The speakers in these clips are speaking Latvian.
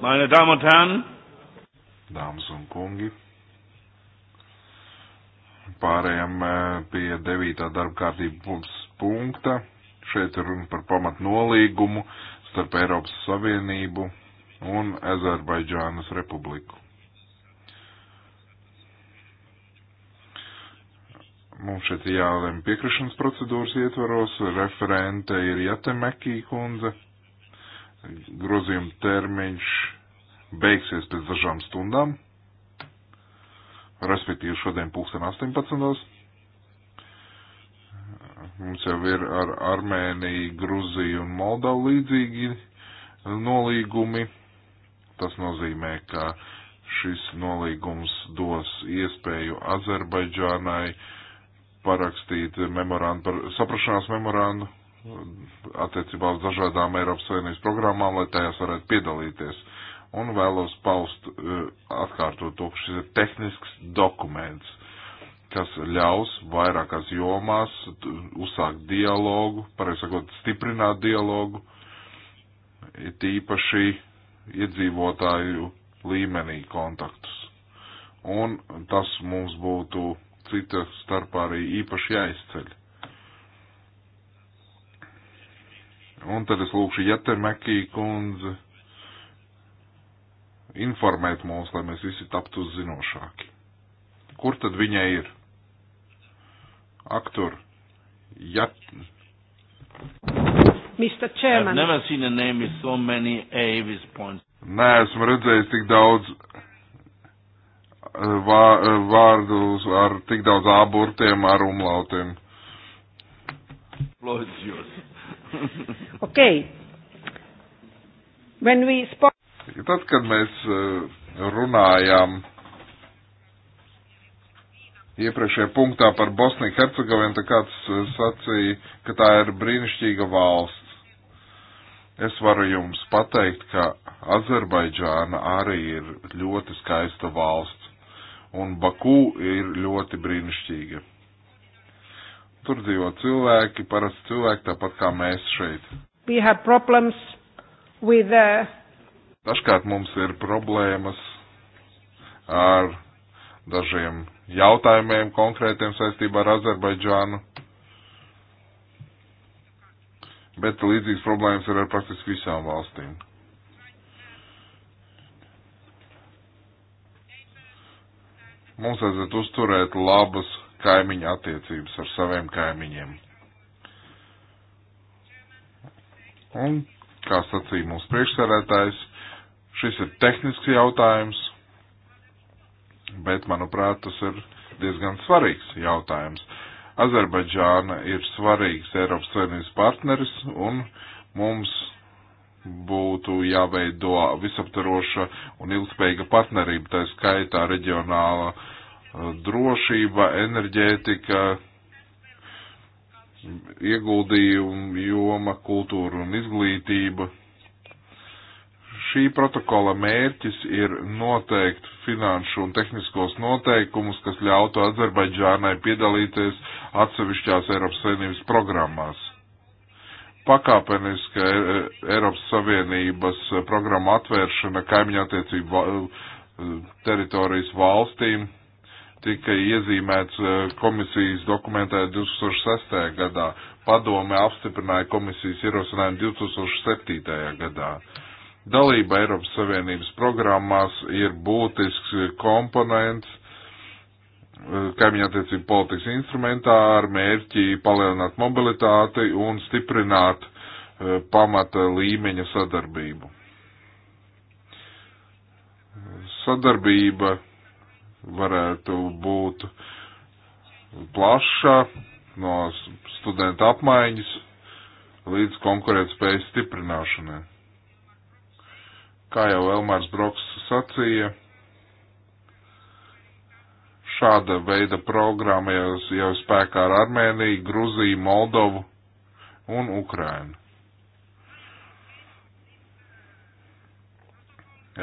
Meine Damen und Herren, Dāmas un kungi, pārējām eh, pie 9. darba kārtības punkta. Šeit ir runa par pamatnolīgumu starp Eiropas Savienību un Azerbaidžānas Republiku. Mums šeit ir jālem piekrišanas procedūras ietvaros, referente ir Jatemekī kundze grozījuma termiņš beigsies pēc dažām stundām, respektīvi šodien pulksten 18. Mums jau ir ar Armēniju, Gruziju un Moldavu līdzīgi nolīgumi. Tas nozīmē, ka šis nolīgums dos iespēju Azerbaidžānai parakstīt memorandu par saprašanās memorandu attiecībā uz dažādām Eiropas Savienības programmām, lai tajās varētu piedalīties. Un vēlos paust e, atkārtot to, ka šis ir tehnisks dokuments, kas ļaus vairākās jomās uzsākt dialogu, pareizi sakot, stiprināt dialogu, it īpaši iedzīvotāju līmenī kontaktus. Un tas mums būtu cita starpā arī īpaši jāizceļ. Un tad es lūkšu Jetemekī kundzi informēt mūs, lai mēs visi taptu zinošāki. Kur tad viņa ir? Aktur. Jat... Mr. Chairman. I've never seen a name with so many Avis points. Nē, esmu redzējis tik daudz eh, eh, vārdus ar tik daudz āburtiem, ar umlautiem. Lūdzu jūs. okay. When we spoke... Tad, kad mēs eh, runājām iepriekšējā punktā par Bosniju Hercegovinu, tad kāds eh, sacīja, ka tā ir brīnišķīga valsts. Es varu jums pateikt, ka Azerbaidžāna arī ir ļoti skaista valsts, un Baku ir ļoti brīnišķīga. Tur dzīvo cilvēki, parasti cilvēki, tāpat kā mēs šeit. With, uh... Dažkārt mums ir problēmas ar dažiem jautājumiem konkrētiem saistībā ar Azerbaidžānu. Bet līdzīgas problēmas ir ar praktiski visām valstīm. Mums vajadzētu uzturēt labas kaimiņu attiecības ar saviem kaimiņiem. Un, kā sacīja mūsu priekšsarētājs, šis ir tehnisks jautājums, bet, manuprāt, tas ir diezgan svarīgs jautājums. Azerbaidžāna ir svarīgs Eiropas Savienības partneris un mums būtu jāveido visaptaroša un ilgspējīga partnerība, tā skaitā reģionāla uh, drošība, enerģētika, ieguldījuma joma, kultūra un izglītība. Šī protokola mērķis ir noteikt finanšu un tehniskos noteikumus, kas ļautu Azerbaidžānai piedalīties atsevišķās Eiropas Savienības programmās pakāpeniska eh, Eiropas Savienības eh, programma atvēršana kaimiņattiecību eh, teritorijas valstīm tika iezīmēts eh, komisijas dokumentā 2006. gadā. Padome apstiprināja komisijas ierosinājumu 2007. gadā. Dalība Eiropas Savienības programmās ir būtisks eh, komponents eh, kaimiņa attiecību politikas instrumentā ar mērķi palielināt mobilitāti un stiprināt pamata līmeņa sadarbību. Sadarbība varētu būt plaša no studentu apmaiņas līdz konkurētspējas stiprināšanai. Kā jau Elmārs Broks sacīja, šāda veida programma jau, jau spēkā ar Armēniju, Gruziju, Moldovu un Ukrainu.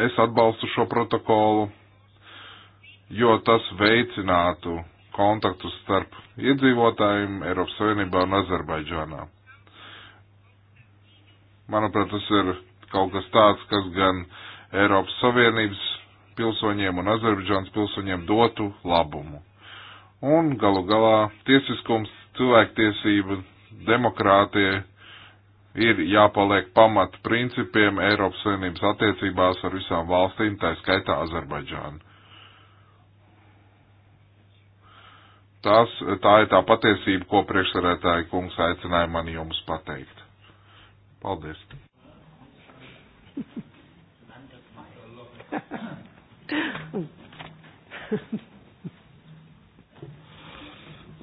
Es atbalstu šo protokolu jo tas veicinātu kontaktus starp iedzīvotājiem Eiropas Savienībā un Azerbaidžānā. Manuprāt, tas ir kaut kas tāds, kas gan Eiropas Savienības pilsoņiem un Azerbaidžānas pilsoņiem dotu labumu. Un galu galā tiesiskums, cilvēktiesība, demokrātija ir jāpaliek pamat principiem Eiropas Savienības attiecībās ar visām valstīm, tā skaitā Azerbaidžānu. Tas, tā ir tā patiesība, ko priekšsarētāji kungs aicināja mani jums pateikt. Paldies.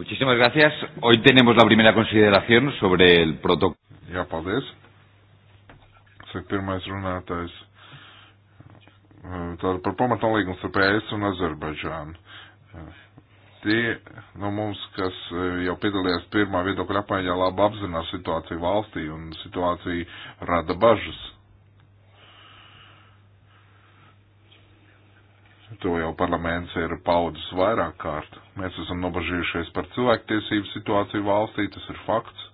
Muchísimas gracias. Hoy tenemos la primera consideración sobre el protocolo. Jā, paldies. Saka pirmais runātājs. Eh, Tāda par pamatnolīgumu starp ES un Azerbaidžānu. Eh, tie no mums, kas eh, jau piedalījās pirmā viedokļa apmaiņā, labi apzinās situāciju valstī un situācija rada bažas. To jau parlaments ir paudzis vairāk kārt. Mēs esam nobažījušies par cilvēktiesību situāciju valstī, tas ir fakts.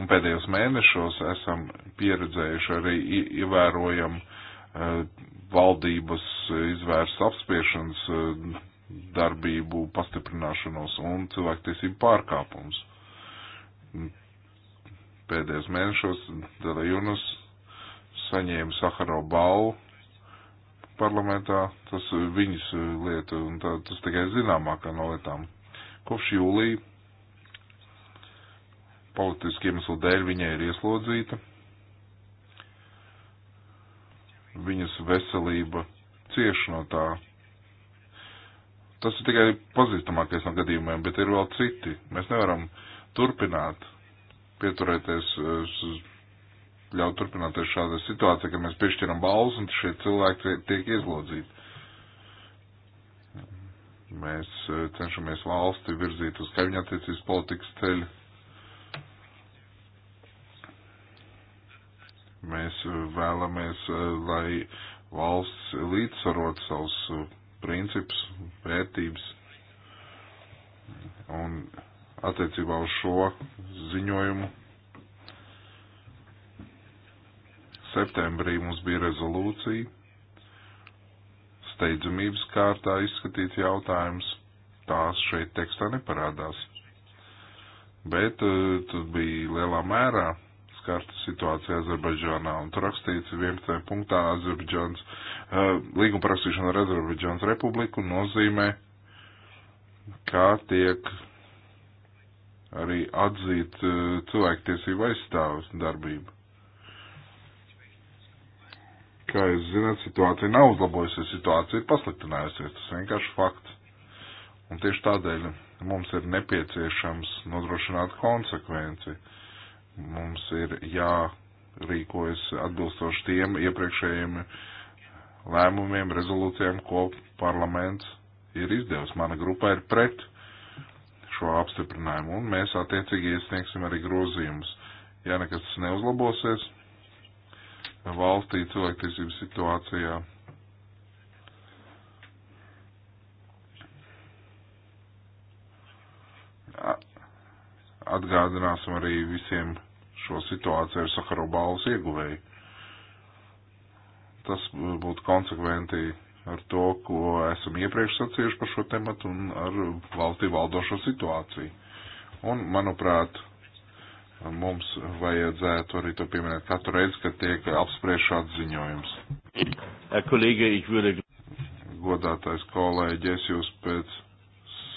Un pēdējos mēnešos esam pieredzējuši arī ievērojam uh, valdības izvērs apspiešanas uh, darbību pastiprināšanos un cilvēktiesību pārkāpums. Pēdējos mēnešos Dela Junus saņēma Saharo balvu parlamentā, tas viņas lieta, un tā, tas tikai zināmākā no lietām. Kopš jūlija politiski iemeslu dēļ viņai ir ieslodzīta. Viņas veselība cieš no tā, Tas ir tikai pazīstamākais no gadījumiem, bet ir vēl citi. Mēs nevaram turpināt pieturēties, ļaut turpināties šāda situācija, ka mēs piešķiram balvas un šie cilvēki tiek ieslodzīti. Mēs e, cenšamies valsti virzīt uz kaimiņattiecības politikas ceļu. Mēs e, vēlamies, e, lai valsts līdzsvarot savus princips, vērtības. Un attiecībā uz šo ziņojumu septembrī mums bija rezolūcija, steidzamības kārtā izskatīt jautājums, tās šeit tekstā neparādās. Bet eh, tas bija lielā mērā skart situāciju Azerbaidžānā. Un tur rakstīts 11. punktā Azerbaidžāns, uh, līguma parakstīšana ar Azerbaidžāns republiku nozīmē, kā tiek arī atzīt uh, cilvēktiesību aizstāvis darbību. Kā jūs zināt, situācija nav uzlabojusies, situācija ir pasliktinājusies, tas vienkārši fakts. Un tieši tādēļ mums ir nepieciešams nodrošināt konsekvenci. Uh, Mums ir jārīkojas atbilstoši tiem iepriekšējiem lēmumiem, rezolūcijām, ko parlaments ir izdevusi. Mana grupa ir pret šo apstiprinājumu, un mēs attiecīgi iesniegsim arī grozījumus. Ja nekas neuzlabosies valstī cilvēktiesību situācijā, atgādināsim arī visiem šo situāciju ar Saharobālas ieguvēju. Tas būtu konsekventi ar to, ko esam iepriekš sacījuši par šo tematu un ar valstī valdošo situāciju. Un, manuprāt, mums vajadzētu arī to pieminēt katru reizi, kad tiek apspriež šāds ziņojums. Kolēģi, ich würde... Godātais kolēģi, es jūs pēc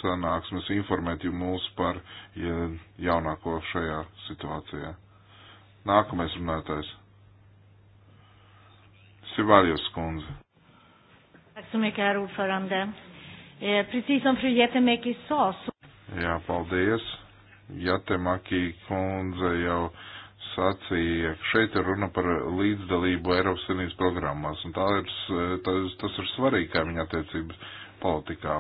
sanāksmes informēt jūs par jaunāko šajā situācijā. Nākamais runātājs. Sivārijas kundze. E, Jā, paldies. Jatemaki kundze jau sacīja, šeit ir runa par līdzdalību Eiropas Savienības programmās, un tā ir, tas, tas ir svarīgi kaimiņa attiecības politikā.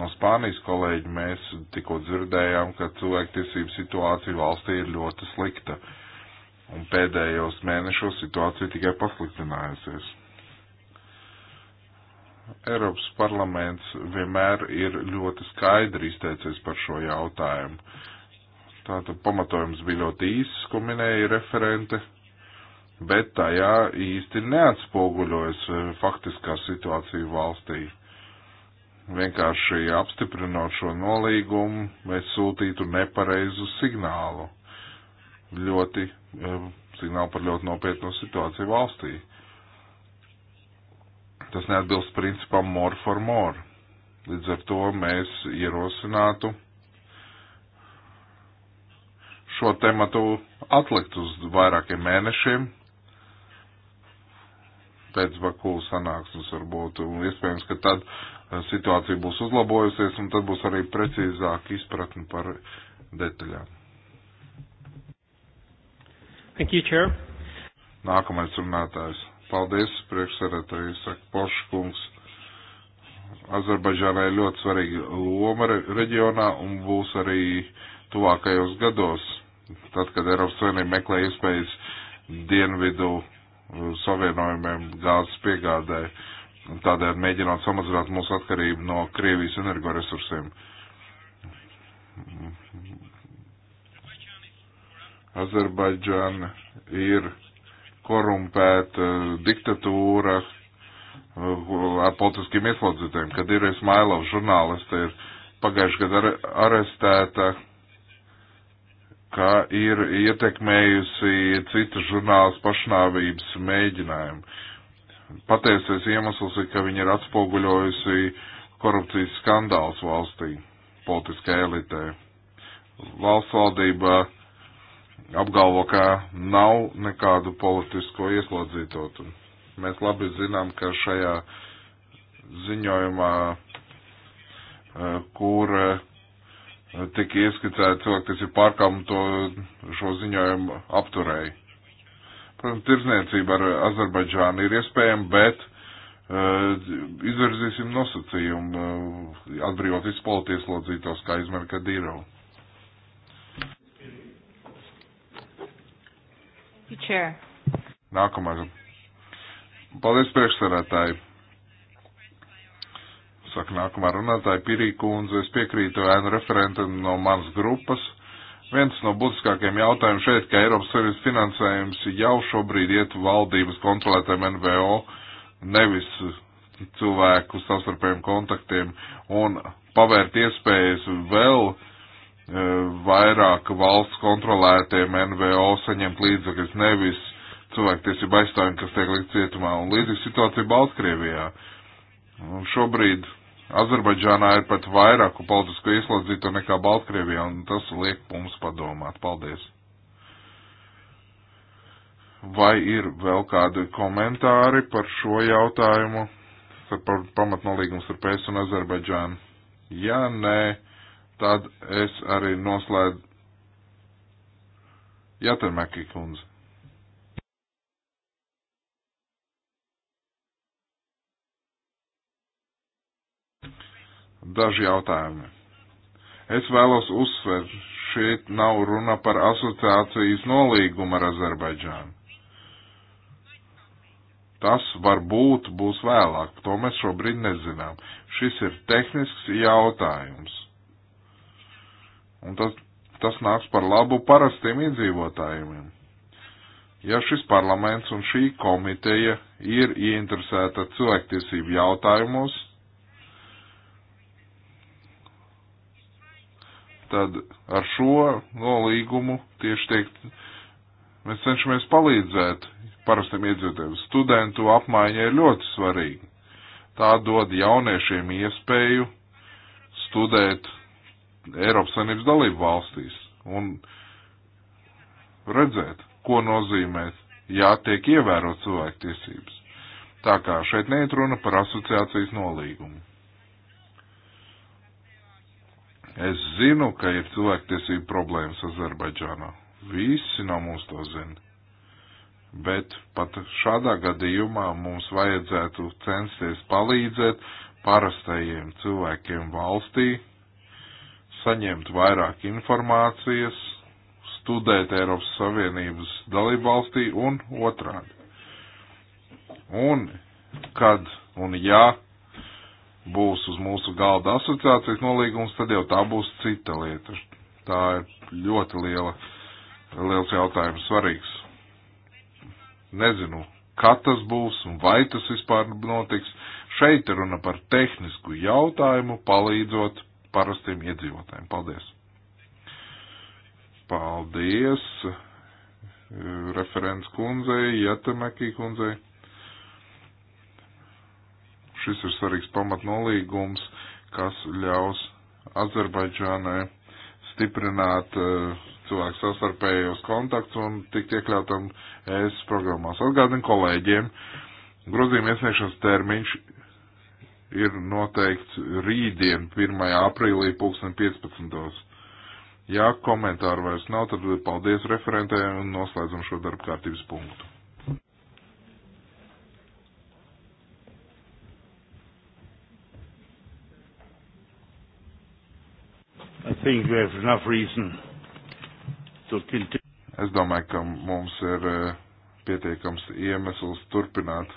No Spānijas kolēģi mēs tikko dzirdējām, ka cilvēktiesību situācija valstī ir ļoti slikta. Uh, un pēdējos mēnešos situācija tikai pasliktinājusies. Eiropas parlaments vienmēr ir ļoti skaidri izteicies par šo jautājumu. Tātad pamatojums bija ļoti īss, ko minēja referente, bet tajā īsti neatspoguļojas eh, faktiskā situācija valstī. Vienkārši apstiprinot šo nolīgumu, mēs sūtītu nepareizu signālu ļoti, signāli par ļoti nopietnu situāciju valstī. Tas neatbilst principam more for more. Līdz ar to mēs ierosinātu šo tematu atlikt uz vairākiem mēnešiem, pēc Bakulas sanāksmes varbūt. Un iespējams, ka tad eh, situācija būs uzlabojusies un tad būs arī precīzāk izpratni par detaļām. Thank you, Chair. Nākamais runātājs. Paldies, priekšsēdētāji, saka Poškungs. Azerbaidžānai ļoti svarīga loma reģionā un būs arī tuvākajos gados, tad, kad Eiropas Savienība meklē iespējas dienvidu uh, savienojumiem gāzes piegādē, tādēļ mēģinot samazināt mūsu atkarību no Krievijas energoresursiem Azerbaidžana ir korumpēta diktatūra uh, ar politiskiem ieslodzītiem, kad ir Ismailov žurnāliste ir pagājuši gadu ar arestēta, kā ir ietekmējusi citu žurnālas pašnāvības mēģinājumu. Patiesais iemesls ir, ka viņa ir atspoguļojusi korupcijas skandāls valstī, politiskā elitē. Valsts valdība uh, apgalvo, ka nav nekādu politisko ieslodzīto. Mēs labi zinām, ka šajā ziņojumā, e, kur e, tika ieskicēti cilvēki, kas ir pārkāpumi to šo ziņojumu apturēji. Protams, tirzniecība ar Azerbaidžānu ir iespējama, bet uh, izvirzīsim nosacījumu uh, atbrīvot visu politieslodzītos, kā izmēr Kadīrovu. Chair. Nākamais. Paldies priekšsarētāji. Saka nākamā runātāja Pirī kundze, es piekrītu ēnu referentam no manas grupas. Viens no būtiskākajiem jautājumiem šeit, ka Eiropas Savienības finansējums jau šobrīd iet valdības kontrolētājiem NVO, nevis cilvēku savstarpējiem kontaktiem, un pavērt iespējas vēl uh, Eh, vairāk valsts kontrolētiem NVO saņemt līdzekļus, nevis cilvēktiesību aizstāvjiem, kas tiek likt cietumā. Un līdzīga situācija Baltkrievijā. Un šobrīd Azerbaidžānā ir pat vairāku politisko ieslodzīto nekā Baltkrievijā, un tas liek mums padomāt. Paldies! Vai ir vēl kādi komentāri par šo jautājumu, par pamatnolīgums ar PS un Azerbaidžānu? Ja nē, tad es arī noslēdzu Jātermēki kundze. Daži jautājumi. Es vēlos uzsvert, šeit nav runa par asociācijas nolīgumu ar Azerbaidžānu. Tas varbūt būs vēlāk, to mēs šobrīd nezinām. Šis ir tehnisks jautājums Un tas, tas nāks par labu parastiem iedzīvotājiem. Ja šis parlaments un šī komiteja ir ieinteresēta cilvēktiesību jautājumos, tad ar šo nolīgumu tieši tiek, mēs cenšamies palīdzēt parastiem iedzīvotājiem. Studentu apmaiņa ir ļoti svarīga. Tā dod jauniešiem iespēju studēt Eiropas Savienības dalību valstīs un redzēt, ko nozīmē, ja tiek ievērot cilvēktiesības. Tā kā šeit neiet runa par asociācijas nolīgumu. Es zinu, ka ir cilvēktiesība problēmas Azerbaidžānā. Visi no mums to zina. Bet pat šādā gadījumā mums vajadzētu censties palīdzēt parastajiem cilvēkiem valstī, saņemt vairāk informācijas, studēt Eiropas Savienības dalību valstī un otrādi. Un kad un ja būs uz mūsu galda asociācijas nolīgums, tad jau tā būs cita lieta. Tā ir ļoti liela, liels jautājums, svarīgs. Nezinu, kad tas būs un vai tas vispār notiks. Šeit runa par tehnisku jautājumu, palīdzot parastiem iedzīvotājiem. Paldies! Paldies eh, referents kundzei, Jatamekī kundzei. Šis ir svarīgs pamatnolīgums, kas ļaus Azerbaidžānai stiprināt uh, cilvēku sastarpējos kontakts un tikt iekļautam ES programmās. Atgādinu kolēģiem, grozījuma iesniegšanas termiņš ir noteikts rītdien, 1. aprīlī, 2015. Ja komentāru vairs nav, tad paldies referentēm un noslēdzam šo darba kārtības punktu. Es domāju, ka mums ir eh, pietiekams iemesls turpināt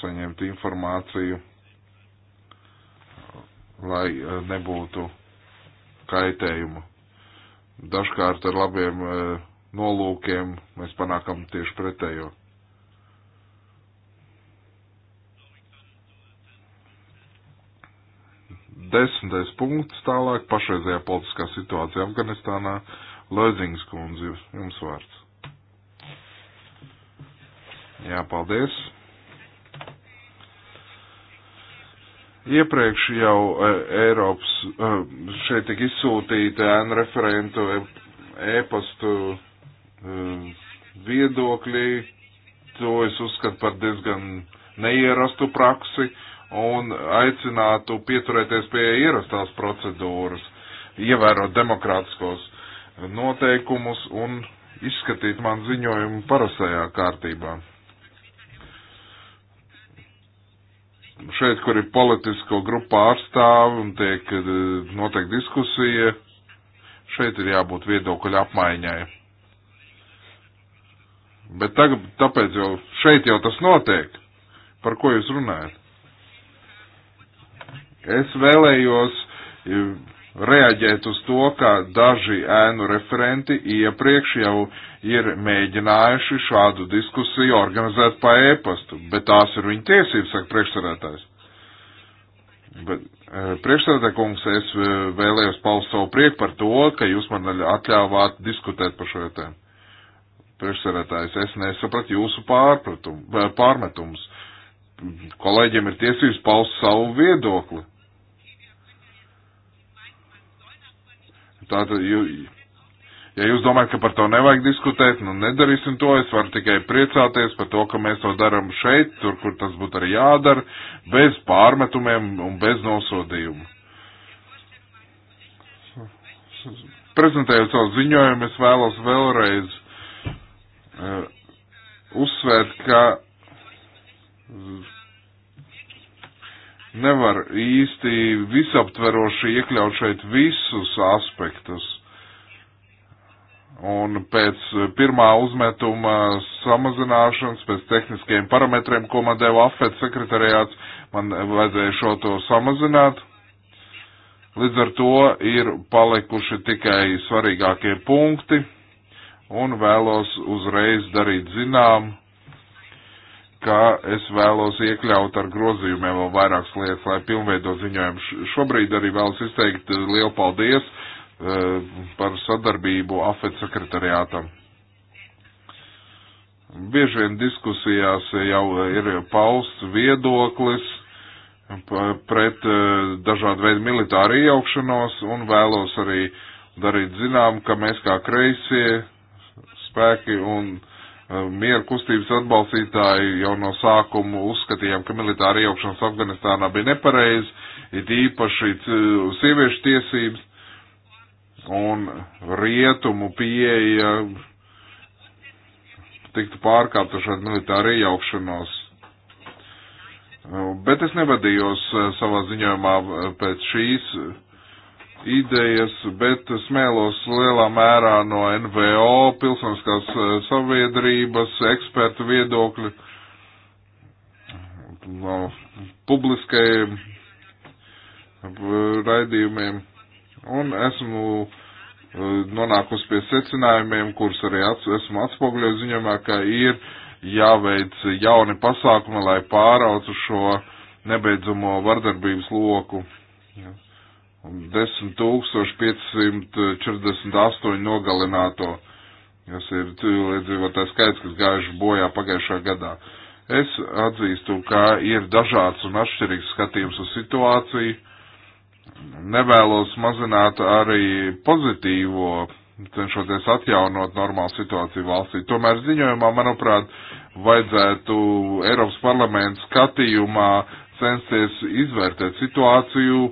saņemt informāciju, lai eh, nebūtu kaitējumu. Dažkārt ar labiem eh, nolūkiem mēs panākam tieši pretējo. Desmitais punkts tālāk pašreizējā politiskā situācija Afganistānā. Lozings kundze, jums vārds. Jā, paldies. Iepriekš jau e, Eiropas e, šeit tika izsūtīta ēnu referentu e, e-pastu viedokļi. To es uzskatu par diezgan neierastu praksi un aicinātu pieturēties pie ierastās procedūras, ievērot demokrātiskos noteikumus un izskatīt man ziņojumu parasajā kārtībā. šeit, kur ir politisko grupu pārstāvi un tiek eh, notiek diskusija, šeit ir jābūt viedokļu apmaiņai. Bet tagad, tāpēc jau šeit jau tas notiek. Par ko jūs runājat? Es vēlējos eh, reaģēt uz to, ka daži ēnu referenti iepriekš jau uh, ir mēģinājuši šādu diskusiju organizēt pa ēpastu, bet tās ir viņa tiesības, saka priekšsarētājs. Bet e, priekšsēdē kungs, es e, vēlējos paust savu prieku par to, ka jūs man atļāvāt diskutēt par šo tēmu. Priekšsēdētājs, es nesapratu jūsu e, pārmetumus. Kolēģiem ir tiesības paust savu viedokli. Tātad, jūs Ja jūs domājat, ka par to nevajag diskutēt, nu nedarīsim to, es varu tikai priecāties par to, ka mēs to darām šeit, tur, kur tas būtu arī jādara, bez pārmetumiem un bez nosodījumu. Prezentējot savu ziņojumu, es vēlos vēlreiz uh, uzsvērt, ka nevar īsti visaptveroši iekļaut šeit visus aspektus Un pēc eh, pirmā uzmetuma samazināšanas, pēc tehniskajiem parametriem, ko man deva AFET sekretariāts, man vajadzēja šo to samazināt. Līdz ar to ir palikuši tikai svarīgākie punkti un vēlos uzreiz darīt zinām, ka es vēlos iekļaut ar grozījumiem vēl vairākas lietas, lai pilnveidot ziņojumu. Šobrīd arī vēlos izteikt eh, lielu paldies Eh, par sadarbību AFET sekretariātam. Bieži vien diskusijās jau ir pausts viedoklis pret eh, dažādu veidu militāru iejaukšanos un vēlos arī darīt zinām, ka mēs kā kreisie spēki un eh, miera kustības atbalstītāji jau no sākuma uzskatījām, ka militāra iejaukšanās Afganistānā bija nepareizi, it īpaši sieviešu tiesības un rietumu pieeja tiktu pārkāpta šāda militāra iejaukšanos. Bet es nevadījos eh, savā ziņojumā eh, pēc šīs idejas, bet smēlos lielā mērā no NVO, pilsoniskās eh, saviedrības, ekspertu viedokļu, no publiskajiem raidījumiem. Un esmu eh, nonākusi pie secinājumiem, kurus arī ats, esmu atspoguļojis ziņojumā, ka ir jāveic jauni pasākumi, lai pārautu šo nebeidzamo vardarbības loku. 10548 nogalināto, kas ir cilvēdzīvotāju skaits, kas gājuši bojā pagājušā gadā. Es atzīstu, ka ir dažāds un atšķirīgs skatījums uz situāciju nevēlos mazināt arī pozitīvo, cenšoties atjaunot normālu situāciju valstī. Tomēr ziņojumā, manuprāt, vajadzētu Eiropas parlamentu skatījumā censties izvērtēt situāciju,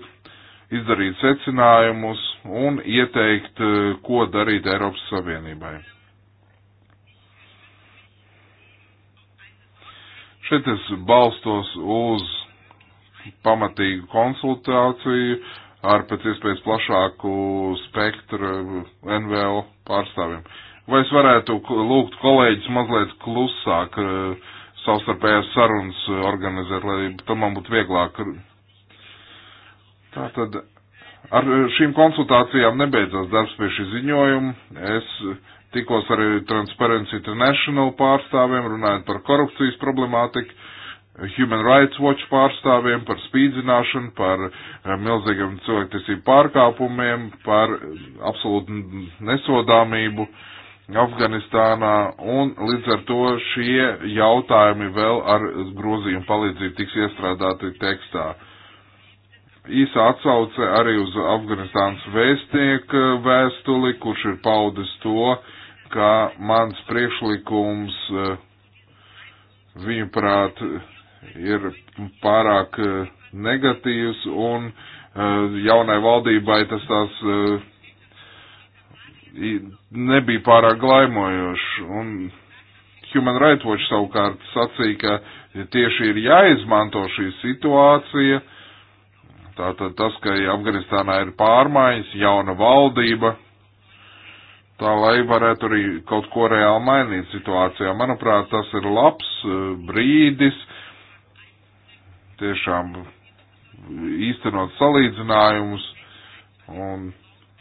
izdarīt secinājumus un ieteikt, ko darīt Eiropas Savienībai. Šeit es balstos uz pamatīgu konsultāciju ar pēc iespējas plašāku spektru NVO pārstāvjiem. Vai es varētu lūgt kolēģis mazliet klusāk eh, savstarpējās sarunas organizēt, lai tam man būtu vieglāk? Tātad ar šīm konsultācijām nebeidzās darbs pie šī ziņojuma. Es tikos arī Transparency International pārstāvjiem, runājot par korupcijas problemātiku Human Rights Watch pārstāvjiem par spīdzināšanu, par eh, milzīgiem cilvēktiesību pārkāpumiem, par eh, absolūtu nesodāmību Afganistānā, un līdz ar to šie jautājumi vēl ar grozījumu palīdzību tiks iestrādāti tekstā. Īsa atsauce arī uz Afganistānas vēstnieku eh, vēstuli, kurš ir paudis to, ka mans priekšlikums, viņuprāt, ir pārāk eh, negatīvs un eh, jaunai valdībai tas tās eh, nebija pārāk glaimojošs. Un Human Rights Watch savukārt sacīja, ka tieši ir jāizmanto šī situācija. Tātad tas, ka Afganistānā ir pārmaiņas, jauna valdība, tā lai varētu arī kaut ko reāli mainīt situācijā. Manuprāt, tas ir labs brīdis tiešām īstenot salīdzinājumus un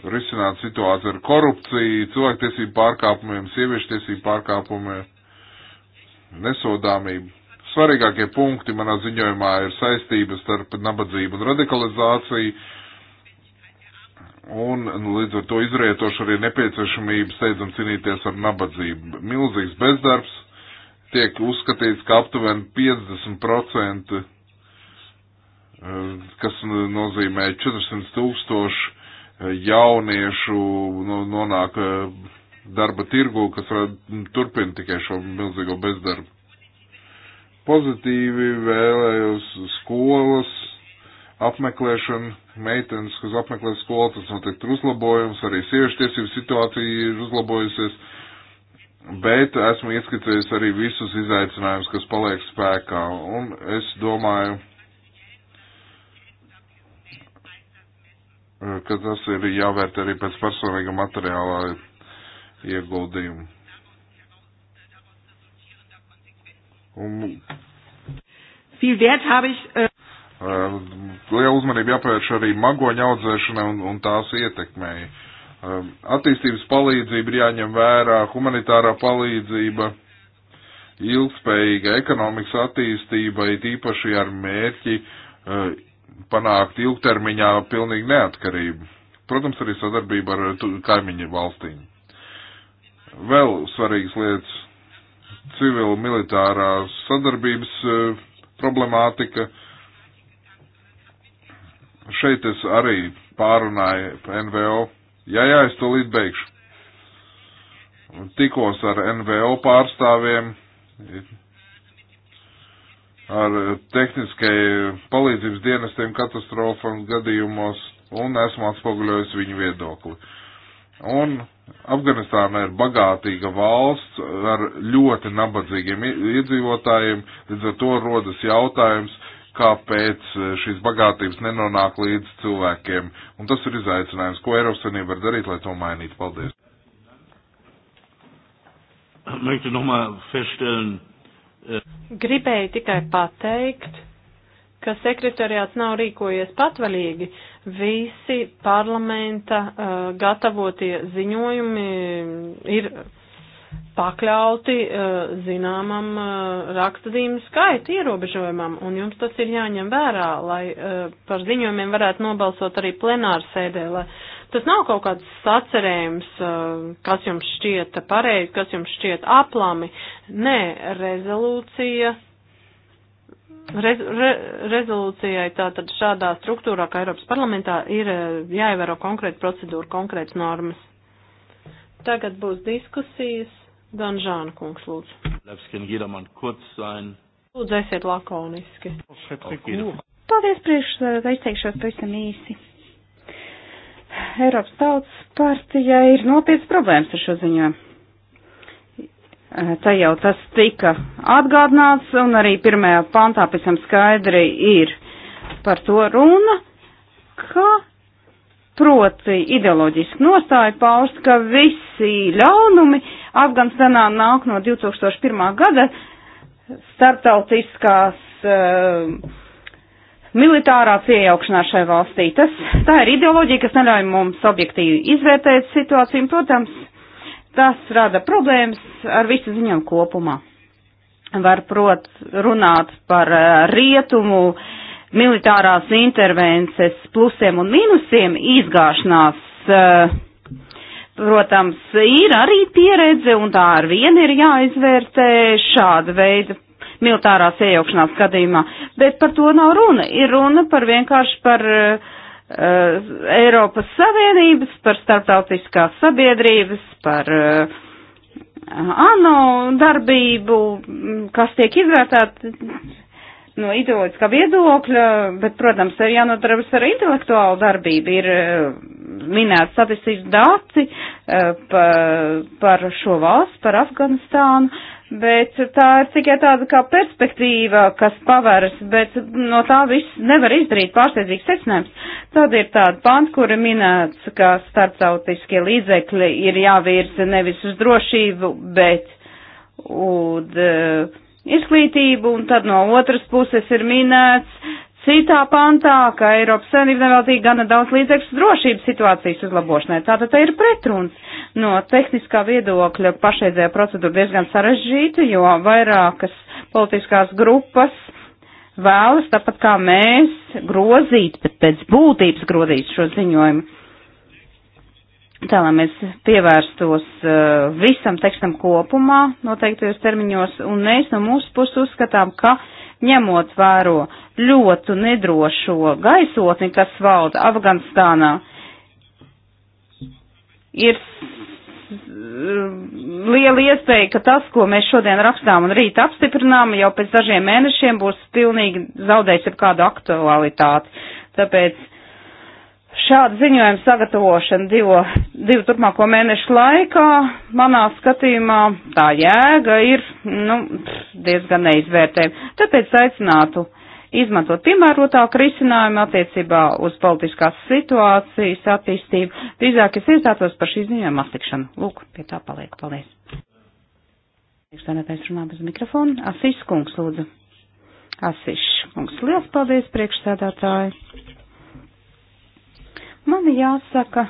risināt situāciju ar korupciju, cilvēktiesību pārkāpumiem, sieviešu tiesību pārkāpumiem, nesodāmību. Svarīgākie punkti manā ziņojumā ir saistības starp nabadzību un radikalizāciju, un nu, līdz ar to izrietoši arī nepieciešamība steidzam cīnīties ar nabadzību. Milzīgs bezdarbs tiek uzskatīts, ka aptuveni 50% Um, kas nozīmē 400 tūkstoši uh, jauniešu nonāk uh, darba tirgu, kas turpina tikai šo milzīgo bezdarbu. Pozitīvi vēlējos skolas apmeklēšanu, meitenes, kas apmeklē skolu, tas noteikti ir uzlabojums, arī sieviešu tiesību situācija ir uzlabojusies, bet esmu ieskicējis arī visus izaicinājumus, kas paliek spēkā, un es domāju, Eh, ka tas ir jāvērt arī pēc personīga materiālā ieguldījuma. Un, Viel Wert habe ich. Äh uh, Liela uzmanība jāpievērš arī magoņa audzēšanai un, un tās ietekmei. Uh, attīstības palīdzība ir jāņem vērā, humanitārā palīdzība, ilgspējīga ekonomikas attīstība, it īpaši ar mērķi uh, panākt ilgtermiņā pilnīgi neatkarību. Protams, arī sadarbība ar kaimiņu valstīm. Vēl svarīgas lietas - civila militārā sadarbības e, problemātika. Šeit es arī pārunāju NVO. Jā, jā, es to līdz beigšu. Tikos ar NVO pārstāvjiem, ar tehniskai palīdzības dienestiem katastrofam gadījumos un esmu atspoguļojis viņu viedokli. Un Afganistāna ir bagātīga valsts ar ļoti nabadzīgiem iedzīvotājiem, līdz ar to rodas jautājums, kāpēc šīs bagātības nenonāk līdz cilvēkiem. Un tas ir izaicinājums, ko Eiropas Savienība var darīt, lai to mainītu. Paldies! Ich möchte nochmal feststellen, Gribēju tikai pateikt, ka sekretariāts nav rīkojies patvaļīgi. Visi parlamenta uh, gatavotie ziņojumi ir pakļauti uh, zināmam uh, rakstzīmu skaitu ierobežojumam, un jums tas ir jāņem vērā, lai uh, par ziņojumiem varētu nobalsot arī plenāru sēdē, lai Tas nav kaut kāds sacerējums, eh, kas jums šķieta pareizi, kas jums šķiet aplami. Nē, rezolūcija. Re, re, rezolūcijai tātad šādā struktūrā, kā Eiropas parlamentā, ir eh, jāievēro konkrēta procedūra, konkrētas normas. Tagad būs diskusijas. Danžāna kungs, lūdzu. Lūdzu, esiet lakoniski. Paldies priekšsēdētāji, izteikšos pavisam īsi. Eiropas tautas partijai ir nopietnas problēmas ar šo ziņojumu. Te jau tas tika atgādināts, un arī pirmajā pantā pēc tam skaidri ir par to runa, ka proti ideoloģiski nostāja paust, ka visi ļaunumi Afganistanā nāk no 2001. gada starptautiskās uh, militārās iejaukšanās šai valstī. Tas, tā ir ideoloģija, kas neļauj mums objektīvi izvērtēt situāciju, un, protams, tas rada problēmas ar visu ziņām kopumā. Var, prot, runāt par eh, rietumu, militārās intervences plusiem un mīnusiem izgāšanās. Eh, protams, ir arī pieredze, un tā ar vienu ir jāizvērtē šāda veida militārās iejaukšanās gadījumā, bet par to nav runa. Ir runa par vienkārši par uh, Eiropas Savienības, par starptautiskās sabiedrības, par uh, ANO darbību, kas tiek izvērtēta no ideoloģiskā viedokļa, bet, protams, ir jānodarbojas ar intelektuālu darbību. Ir eh, minēti statistiski dati par, par šo valsts, par Afganistānu, bet tā ir tikai tāda kā perspektīva, kas pavaras, bet no tā viss nevar izdarīt pārsteidzīgs secinājums. Tad ir tāda pants, kura minēts, ka starptautiskie līdzekļi ir jāvirza nevis uz drošību, bet uz uh, izglītību, un tad no otras puses ir minēts, citā pantā, ka Eiropas Savienība nevēltīja gana daudz līdzekļu drošības situācijas uzlabošanai. Tātad te ir pretruns. No tehniskā viedokļa pašreizējā procedūra diezgan sarežģīta, jo vairākas politiskās grupas vēlas, tāpat kā mēs, grozīt, bet pēc būtības grozīt šo ziņojumu. Tā, lai mēs pievērstos uh, visam tekstam kopumā noteiktajos termiņos, un mēs no mūsu puses uzskatām, ka uh, ņemot vēro ļoti nedrošo gaisotni, kas valda Afganistānā, ir liela iespēja, ka tas, ko mēs šodien rakstām un rīt apstiprinām, jau pēc dažiem mēnešiem būs pilnīgi zaudējis ar kādu aktualitāti. Tāpēc Šāda ziņojuma sagatavošana divo, divu turpmāko mēnešu laikā, manā skatījumā, tā jēga ir nu, diezgan neizvērtējama. Tāpēc aicinātu izmantot piemērotāku risinājumu attiecībā uz politiskās situācijas attīstību. Drīzāk es iestātos par šī ziņojuma atlikšanu. Lūk, pie tā paliek. Paldies. Priekšstādātais runā bez mikrofona. Asīs kungs, lūdzu. Asīs kungs, liels paldies, priekšstādātāji. Man jāsaka,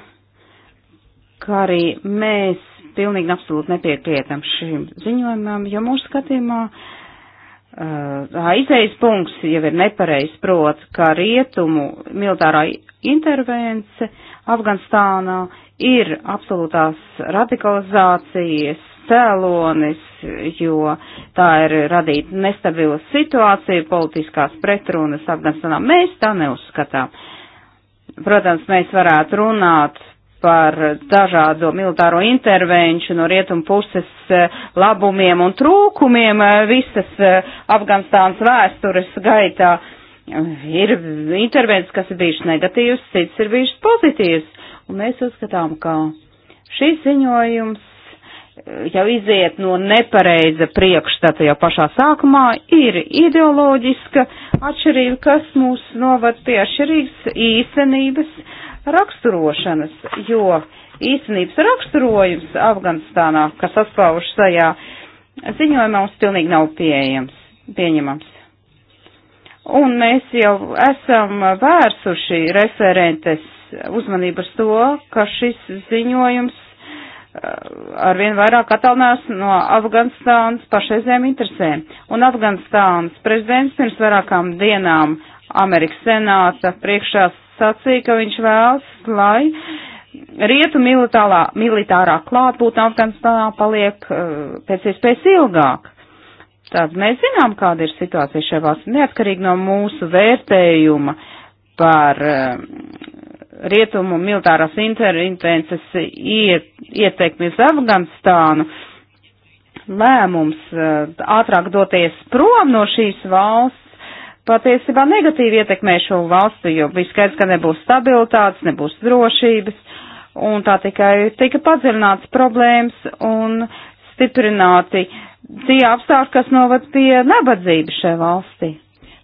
ka arī mēs pilnīgi absolūti nepiekrietam šim ziņojumam, jo mūsu skatījumā uh, aizejas punkts jau ir nepareizs prot, ka rietumu militārā intervence Afganistānā ir absolūtās radikalizācijas cēlonis, jo tā ir radīta nestabila situācija, politiskās pretrunas Afganistānā. Mēs tā neuzskatām. Uh, Protams, mēs varētu runāt par dažādo militāro intervenciju no rietumu puses eh, labumiem un trūkumiem eh, visas eh, Afganistānas vēstures gaitā. Ir intervences, kas ir bijušas negatīvas, cits ir bijušas pozitīvas. Un mēs uzskatām, ka šīs ziņojums jau iziet no nepareiza priekšstata jau pašā sākumā, ir ideoloģiska atšķirība, kas mūs novad pie atšķirīgas īstenības raksturošanas, jo īstenības raksturojums Afganistānā, kas atklāvuši tajā ziņojumā, mums pilnīgi nav pieejams, pieņemams. Un mēs jau esam vērsuši referentes uzmanību uz to, ka šis ziņojums Eh, arvien vairāk attālinās no Afganistānas pašreizējām interesēm. Un Afganistānas prezidents pirms vairākām dienām Amerikas senāta priekšā sacīja, ka viņš vēlas, lai rietu militārā, militārā klātbūtne Afganistānā paliek uh, pēc iespējas ilgāk. Tad mēs zinām, kāda ir situācija šajā valstī, neatkarīgi no mūsu vērtējuma par uh, rietumu militārās intervences ietekmi uz Afganistānu, lēmums eh, ātrāk doties prom no šīs valsts patiesībā negatīvi ietekmē šo valstu, jo bija skaidrs, ka nebūs stabilitātes, nebūs drošības, un tā tikai tika padziļināts problēmas un stiprināti tie apstākļi, kas novad pie nabadzības šajā valstī.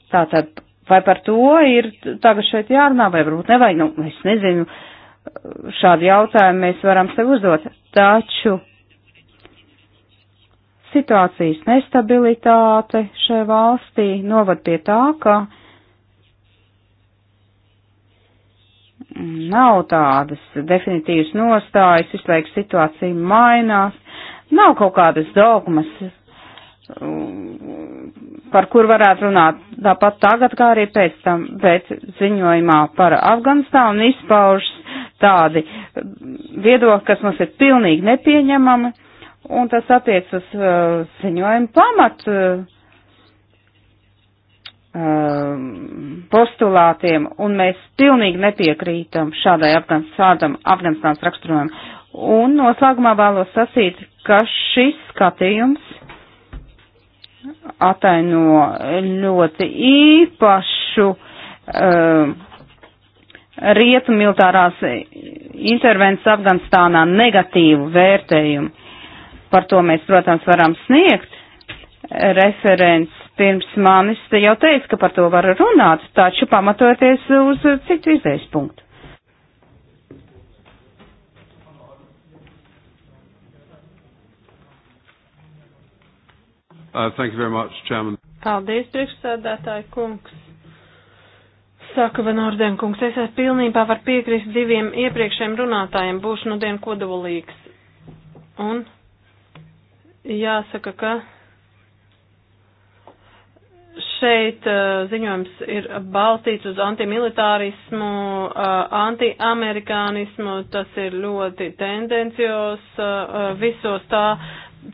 Tātad Vai par to ir tagad šeit jārunā, vai varbūt nevajag, nu, es nezinu, šādu jautājumu mēs varam sev uzdot. Taču situācijas nestabilitāte šajā valstī novad pie tā, ka nav tādas definitīvas nostājas, visu laiku situācija mainās, nav kaut kādas dogmas, par kur varētu runāt tāpat tagad, kā arī pēc tam, bet ziņojumā par Afganistānu izpaužas tādi viedokļi, kas mums ir pilnīgi nepieņemami, un tas attiec uz uh, ziņojumu pamat uh, um, postulātiem, un mēs pilnīgi nepiekrītam šādai Afganistānam, Afganistānas raksturojumam. Un noslēgumā vēlos sacīt, ka šis skatījums ataino ļoti īpašu uh, rietu militārās intervences Afganistānā negatīvu vērtējumu. Par to mēs, protams, varam sniegt referents pirms manis te jau teica, ka par to var runāt, taču pamatoties uz citu izējas punktu. Uh, thank you very much, Chairman. Paldies, priekšsēdētāji kungs. Saka Van Orden kungs, es esmu pilnībā var piekrist diviem iepriekšējiem runātājiem, būšu nudien kodolīgs. Un jāsaka, ka šeit uh, ziņojums ir balstīts uz antimilitārismu, uh, antiamerikānismu, tas ir ļoti tendencios uh, visos tā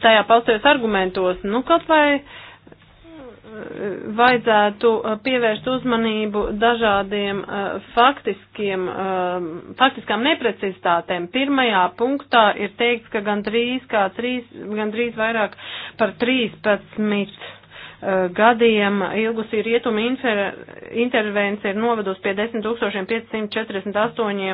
tajā paustajos argumentos. Nu, kaut vai eh, vajadzētu eh, pievērst uzmanību dažādiem eh, faktiskiem, faktiskām neprecizitātēm. Pirmajā punktā ir teikts, ka gandrīz, kā trīs, gandrīz vairāk par 13 gadiem ilgusī rietuma intervence ir novedusi pie 10 548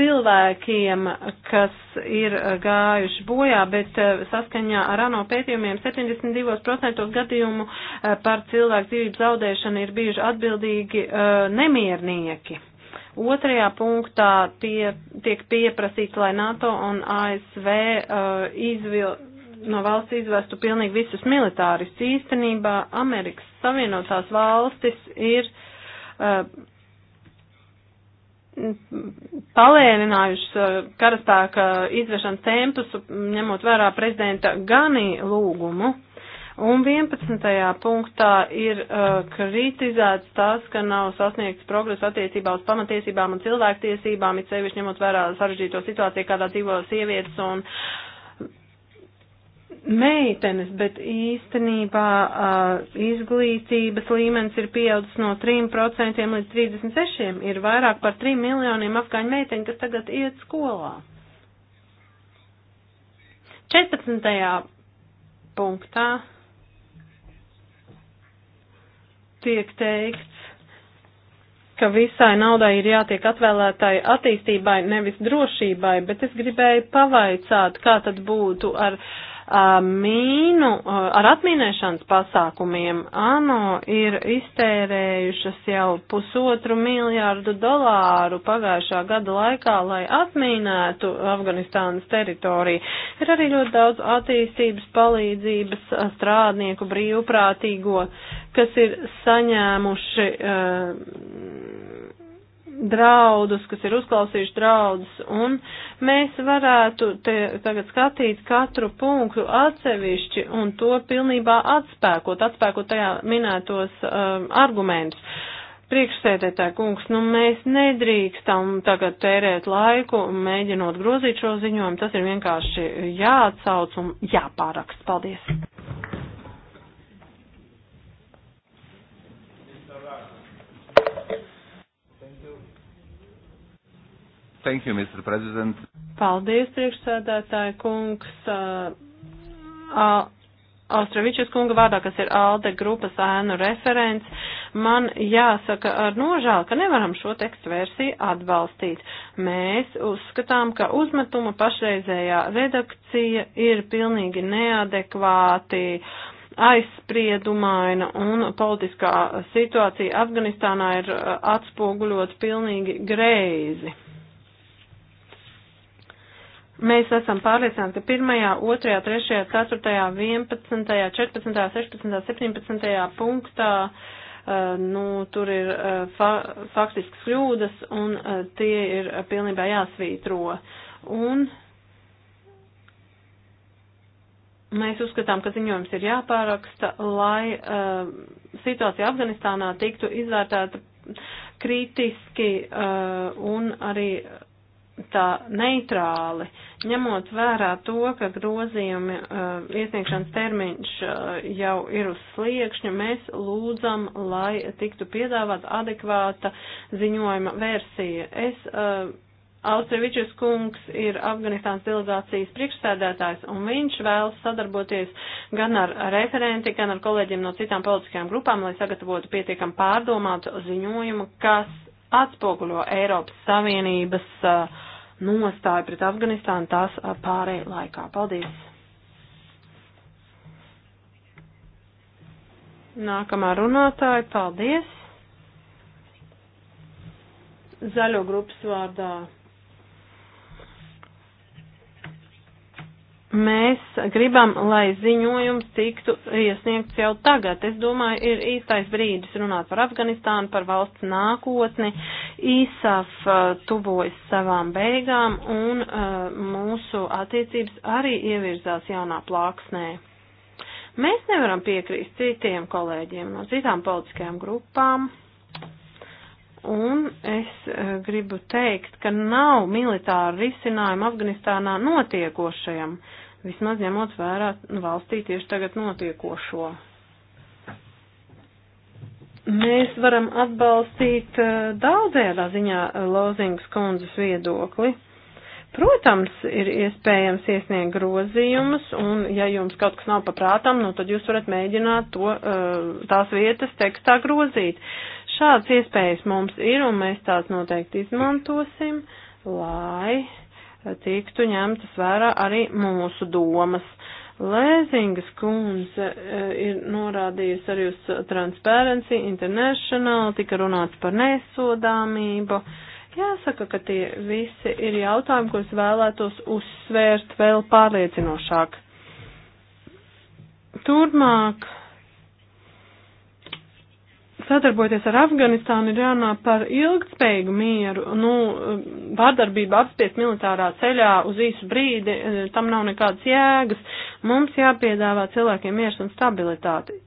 cilvēkiem, kas ir eh, gājuši bojā, bet eh, saskaņā ar ANO pētījumiem 72% gadījumu eh, par cilvēku dzīvību zaudēšanu ir bijuši atbildīgi nemiernieki. Otrajā punktā tie, tiek pieprasīts, lai NATO un ASV uh, izvil, no valsts izvestu pilnīgi visus militāristus. Īstenībā Amerikas Savienotās valstis ir uh, palēninājušas eh, karaspēka izvešanas tempus, ņemot vērā prezidenta Gani lūgumu. Un 11. punktā ir uh, kritizēts tas, ka nav sasniegts progress attiecībā uz pamatiesībām un cilvēktiesībām, it sevišķi ņemot vērā sarežģīto situāciju, kādā dzīvo sievietes un uh, meitenes, bet īstenībā uh, izglītības līmenis ir pieaudzis no 3% līdz 36%. Ir vairāk par 3 miljoniem afgāņu meiteņu, kas tagad iet skolā. 14. punktā tiek teikts, ka visai naudai ir jātiek atvēlētai attīstībai, nevis drošībai, bet es gribēju pavaicāt, kā tad būtu ar uh, mīnu, ar atmīnēšanas pasākumiem ANO ir iztērējušas jau pusotru miljārdu dolāru pagājušā gada laikā, lai atmīnētu Afganistānas teritoriju. Ir arī ļoti daudz attīstības palīdzības strādnieku brīvprātīgo, kas ir saņēmuši uh, draudus, kas ir uzklausījuši draudus, un mēs varētu te tagad skatīt katru punktu atsevišķi un to pilnībā atspēkot, atspēkot tajā minētos um, argumentus. Priekšsēdētāji kungs, nu mēs nedrīkstam tagad tērēt laiku, mēģinot grozīt šo ziņojumu, tas ir vienkārši jāatsauc un jāpārakst. Paldies! Thank you, Mr. President. Paldies, priekšsēdētāji kungs. Uh, Austravičus kunga vārdā, kas ir ALDE grupas ēnu referents, man jāsaka ar nožēlu, ka nevaram šo tekstu versiju atbalstīt. Mēs uzskatām, ka uzmetuma pašreizējā redakcija ir pilnīgi neadekvāti aizspriedumaina un politiskā situācija Afganistānā ir uh, atspoguļot pilnīgi greizi. Mēs esam pārliecināti, ka 1., 2., 3., 4., 11., 14., 16., 17. punktā eh, nu, tur ir eh, fa faktisks kļūdas un eh, tie ir pilnībā jāsvītro. Un mēs uzskatām, ka ziņojums ir jāpāraksta, lai uh, situācija Afganistānā tiktu izvērtēta kritiski uh, un arī tā neitrāli, ņemot vērā to, ka grozījumi uh, iesniegšanas termiņš uh, jau ir uz sliekšņa, mēs lūdzam, lai tiktu piedāvāt adekvāta ziņojuma versija. Es, uh, Austrivičs kungs ir Afganistānas delegācijas priekšsēdētājs, un viņš vēlas sadarboties gan ar referenti, gan ar kolēģiem no citām politiskajām grupām, lai sagatavotu pietiekam pārdomātu ziņojumu, kas atspoguļo Eiropas Savienības uh, nostāju pret Afganistānu tās pārējai laikā. Paldies! Nākamā runātāja, paldies! Zaļo grupas vārdā. Mēs gribam, lai ziņojums tiktu iesniegts jau tagad. Es domāju, ir īstais brīdis runāt par Afganistānu, par valsts nākotni, ISAF uh, tuvojas savām beigām un uh, mūsu attiecības arī ievirzās jaunā plāksnē. Mēs nevaram piekrīst citiem kolēģiem no citām politiskajām grupām. Un es uh, gribu teikt, ka nav militāra risinājuma Afganistānā notiekošajam, vismaz ņemot vērā valstī tieši tagad notiekošo. Mēs varam atbalstīt eh, daudzējādā ziņā eh, Lozingas kundzes viedokli. Protams, ir iespējams iesniegt grozījumus, un ja jums kaut kas nav paprātam, nu, tad jūs varat mēģināt to, eh, tās vietas tekstā grozīt. Šāds iespējas mums ir, un mēs tās noteikti izmantosim, lai tiktu ņemtas vērā arī mūsu domas. Lēzingas kundze eh, ir norādījusi arī uz Transparency International, tika runāts par nesodāmību. Jāsaka, ka tie visi ir jautājumi, ko es vēlētos uzsvērt vēl pārliecinošāk. Turmāk sadarbojoties ar Afganistānu, ir jārunā par ilgtspējīgu mieru. Nu, vārdarbība apspiest militārā ceļā uz īsu brīdi, e, tam nav nekādas jēgas. Mums jāpiedāvā cilvēkiem miers un stabilitāti.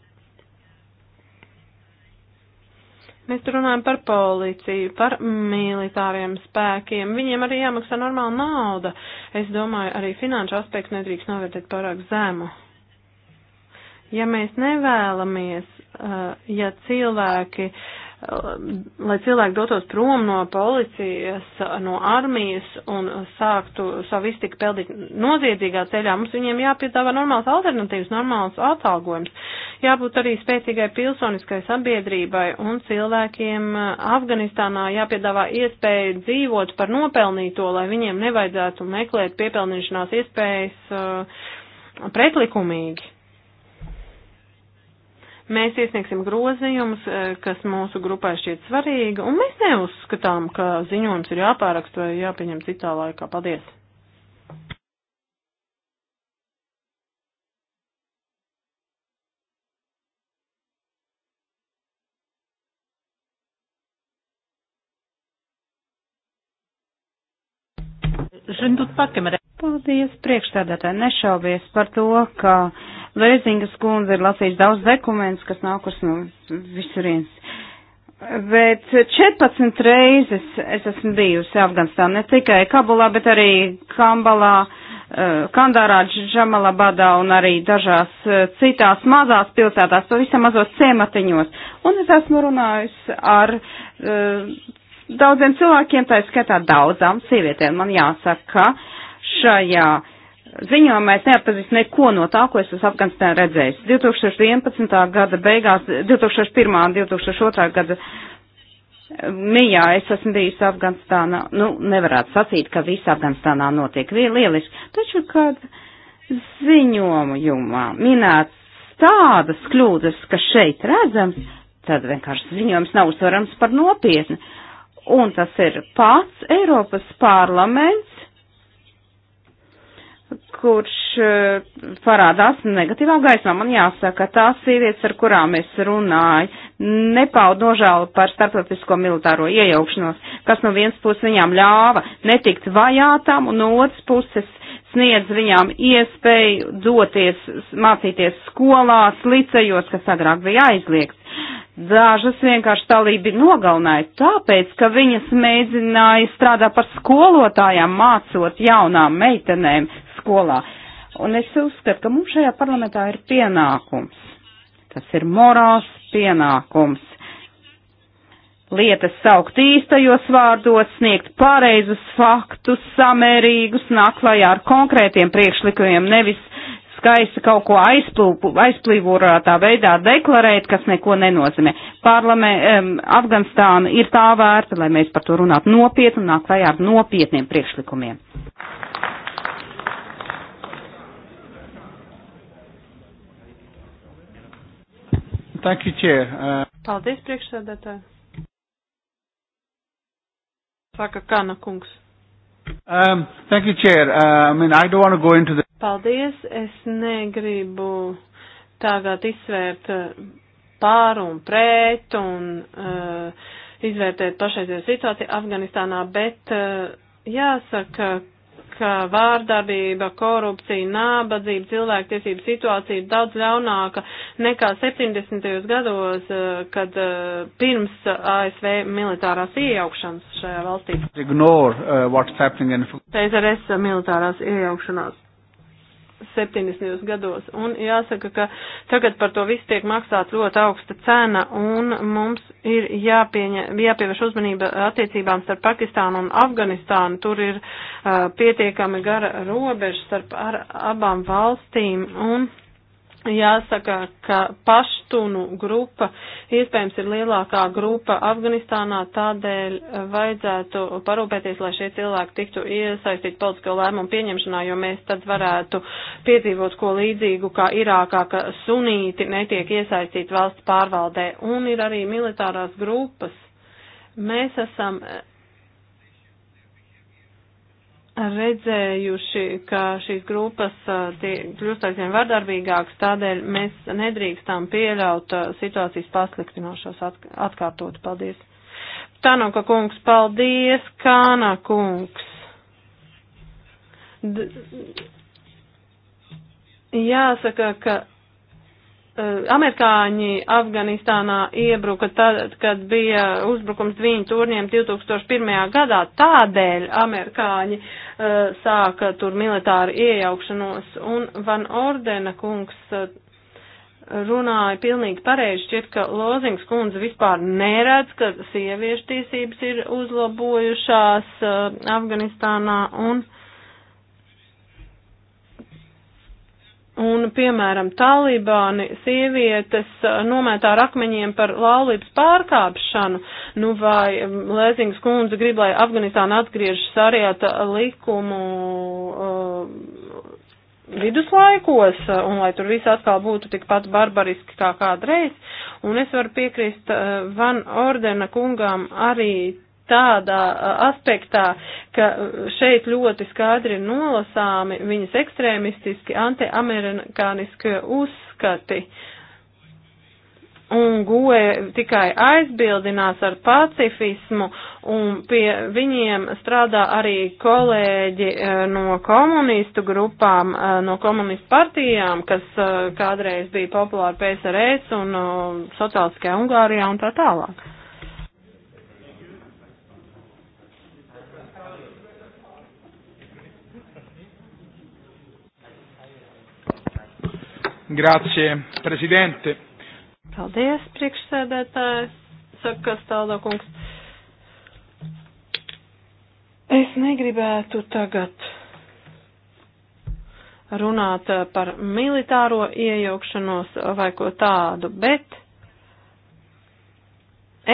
Mēs runājam par policiju, par militāriem spēkiem. Viņiem arī jāmaksā normāla nauda. Es domāju, arī finanšu aspektu nedrīkst novērtēt pārāk zemu. Ja mēs nevēlamies, uh, ja cilvēki, uh, lai cilvēki dotos prom no policijas, no armijas un sāktu savu iztiku peldīt noziedzīgā ceļā, mums viņiem jāpiedāvā normāls alternatīvas, normāls atalgojums. Jābūt arī spēcīgai pilsoniskai sabiedrībai un cilvēkiem uh, Afganistānā jāpiedāvā iespēja dzīvot par nopelnīto, lai viņiem nevajadzētu meklēt piepelnīšanās iespējas pretlikumīgi. Mēs iesniegsim grozījumus, eh, kas mūsu grupai šķiet svarīga, un mēs neuzskatām, ka ziņojums ir jāpāraksta vai jāpieņem citā laikā. Paldies! Je ne doute pas que Madame. Paldies, priekšstādātāji, nešaubies par to, ka Lēzingas kundze ir lasījusi daudz dokumentus, kas nākus no visurienes. Bet 14 reizes es esmu bijusi Afganistānā, ne tikai Kabulā, bet arī Kambalā, eh, Kandārā, Džamalabadā un arī dažās eh, citās mazās pilsētās, pavisam mazos ciematiņos. Un es esmu runājusi ar eh, daudziem cilvēkiem, tā ir skatā daudzām sievietēm. Man jāsaka, ka šajā ziņojumā mēs neatpazīstam neko no tā, ko es esmu Afganistānā redzējis. 2011. gada beigās, 2001. un 2002. gada mijā es esmu bijis Afganistānā. Nu, nevarētu sacīt, ka viss Afganistānā notiek lieliski, taču, kad ziņojumā minēts tādas kļūdas, kas šeit redzams, tad vienkārši ziņojums nav uztverams par nopietni. Un tas ir pats Eiropas parlaments kurš eh, parādās negatīvā gaismā. Man jāsaka, tās sievietes, ar kurām es runāju, nepaud nožēlu par starptautisko militāro iejaukšanos, kas no vienas puses viņām ļāva netikt vajātām, un no otras puses sniedz viņām iespēju doties, mācīties skolās, licejos, kas agrāk bija aizliegts. Dažas vienkārši talība nogalināja, tāpēc, ka viņas mēģināja strādāt par skolotājām, mācot jaunām meitenēm skolā. Un es uzskatu, ka mums šajā parlamentā ir pienākums. Tas ir morāls pienākums. Lietas saukt īstajos vārdos, sniegt pareizus faktus, samērīgus, naklajā ar konkrētiem priekšlikumiem, nevis skaisti kaut ko aizplīvotā veidā deklarēt, kas neko nenozīmē. Parlamē, um, Afganistāna ir tā vērta, lai mēs par to runātu nopietni un nāk klajā ar nopietniem priekšlikumiem. Thank you, Chair. Uh... Paldies, priekšsēdētāji. Saka Kana kungs. Um, thank you, Chair. Uh, I mean, I don't want to go into the... Paldies, es negribu tagad izsvērt uh, pār un pret un uh, izvērtēt pašreizēju situāciju Afganistānā, bet uh, jāsaka, ka vārdarbība, korupcija, nabadzība, cilvēktiesība situācija ir daudz ļaunāka nekā 70. gados, eh, kad eh, pirms eh, ASV militārās iejaukšanas šajā valstī. Ignore, uh, in... PZRS militārās iejaukšanās. 70. gados. Un jāsaka, ka tagad par to visu tiek maksāts ļoti augsta cena, un mums ir jāpieņa, jāpievērš uzmanība attiecībām starp Pakistānu un Afganistānu. Tur ir uh, pietiekami gara robeža starp ar, abām valstīm. Un, Jāsaka, ka paštunu grupa iespējams ir lielākā grupa Afganistānā, tādēļ vajadzētu parūpēties, lai šie cilvēki tiktu iesaistīti politisko lēmumu pieņemšanā, jo mēs tad varētu piedzīvot ko līdzīgu kā Irākā, ka sunīti netiek iesaistīti valsts pārvaldē. Un ir arī militārās grupas. Mēs esam redzējuši, ka šīs grupas uh, kļūst aizvien vardarbīgākas, tādēļ mēs nedrīkstam pieļaut uh, situācijas pasliktinošos atkārtot. Paldies. Tanoka kungs, paldies, Kāna kungs. D jāsaka, ka uh, amerikāņi Afganistānā iebruka tad, kad bija uzbrukums dviņu turniem 2001. gadā. Tādēļ amerikāņi Uh, sāka tur militāru iejaukšanos, un Van Ordena kungs uh, runāja pilnīgi pareizi, šķiet, ka Lozings kundze vispār neredz, ka sieviešu tiesības ir uzlabojušās uh, Afganistānā, un Un, piemēram, talibāni sievietes nomētā ar akmeņiem par laulības pārkāpšanu, nu vai Lēzings kundze grib, lai Afganistāna atgriežas sarieta likumu uh, viduslaikos, un lai tur viss atkal būtu tikpat barbariski kā kādreiz. Un es varu piekrist uh, Van Ordena kungām arī tādā aspektā, ka šeit ļoti skaidri ir nolasāmi viņas ekstrēmistiski, antiamerikāniski uzskati. Un goe tikai aizbildinās ar pacifismu, un pie viņiem strādā arī kolēģi no komunistu grupām, no komunistu partijām, kas kādreiz bija populāri PSRS un sociālistiskajā Ungārijā un tā tālāk. Grazie, prezidente. Paldies, priekšsēdētāji, saka Staldo kungs. Es negribētu tagad runāt par militāro iejaukšanos vai ko tādu, bet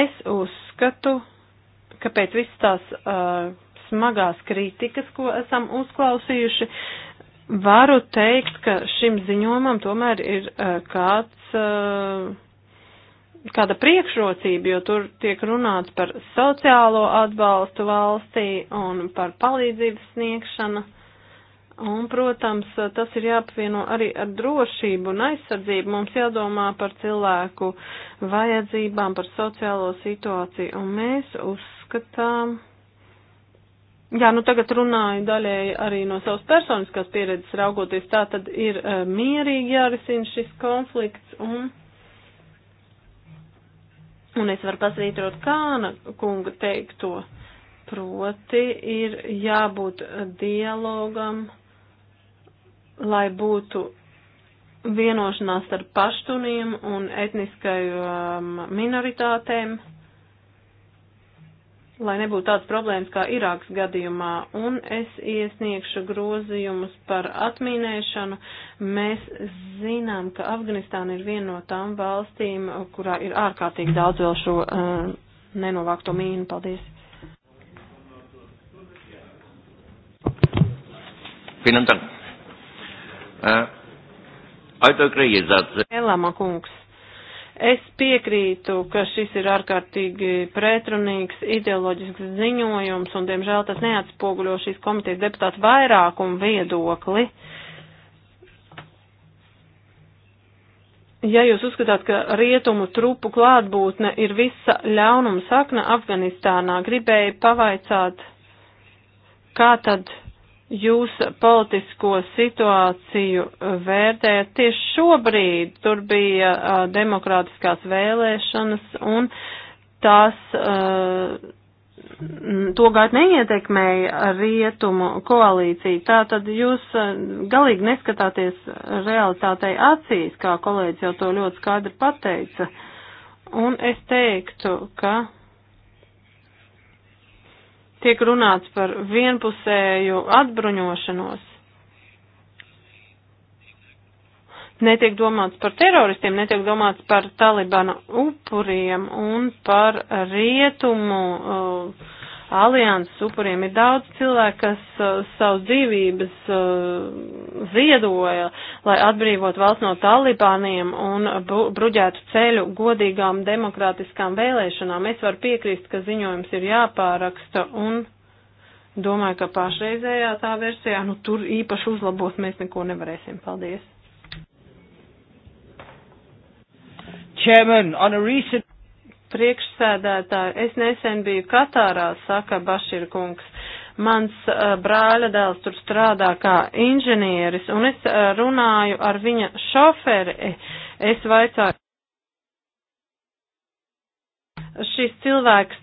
es uzskatu, ka pēc visas tās uh, smagās kritikas, ko esam uzklausījuši, uh, Varu teikt, ka šim ziņojumam tomēr ir eh, kāds, eh, kāda priekšrocība, jo tur tiek runāts par sociālo atbalstu valstī un par palīdzības sniegšanu. Un, protams, tas ir jāapvieno arī ar drošību un aizsardzību. Mums jādomā par cilvēku vajadzībām, par sociālo situāciju. Un mēs uzskatām, Jā, nu tagad runāju daļēji arī no savas personiskās pieredzes raugoties. Tā tad ir uh, mierīgi jārisina šis konflikts un, un es varu pasvītrot Kāna kunga teikto. Proti ir jābūt e, dialogam, lai būtu vienošanās ar paštuniem un etniskajām minoritātēm lai nebūtu tādas problēmas kā Irāks gadījumā, un es iesniegšu grozījumus par atmīnēšanu. Mēs zinām, ka Afganistāna ir viena no tām valstīm, kurā ir ārkārtīgi daudz vēl šo uh, nenovākto mīnu. Paldies! Vielen Dank. Äh, Alter Kriege, Elama kungs. Es piekrītu, ka šis ir ārkārtīgi pretrunīgs ideoloģisks ziņojums, un, diemžēl, tas neatspoguļo šīs komitejas deputātu vairākumu viedokli. Ja jūs uzskatāt, ka rietumu trupu klātbūtne ir visa ļaunuma sakna Afganistānā, gribēju pavaicāt, kā tad jūs politisko situāciju vērtējat tieši šobrīd? Tur bija uh, demokrātiskās vēlēšanas un tās. Uh, to gaidu neietekmēja rietumu koalīcija. Tā tad jūs galīgi neskatāties realitātei acīs, kā kolēģis jau to ļoti skaidri pateica. Un es teiktu, ka tiek runāts par vienpusēju atbruņošanos. Netiek domāts par teroristiem, netiek domāts par talibana upuriem un par rietumu uh, alianses upuriem ir daudz cilvēku, kas uh, savu dzīvības uh, ziedoja, lai atbrīvot valsts no talibāniem un bru bruģētu ceļu godīgām demokrātiskām vēlēšanām. Es varu piekrist, ka ziņojums ir jāpāraksta un domāju, ka pašreizējā tā versijā, nu tur īpaši uzlabot mēs neko nevarēsim. Paldies! Chairman, on a recent priekšsēdētāju. Es nesen biju Katārā, saka Bašir kungs. Mans uh, eh, brāļadēls tur strādā kā inženieris, un es uh, runāju ar viņa šoferi. Es vaicāju. Šis cilvēks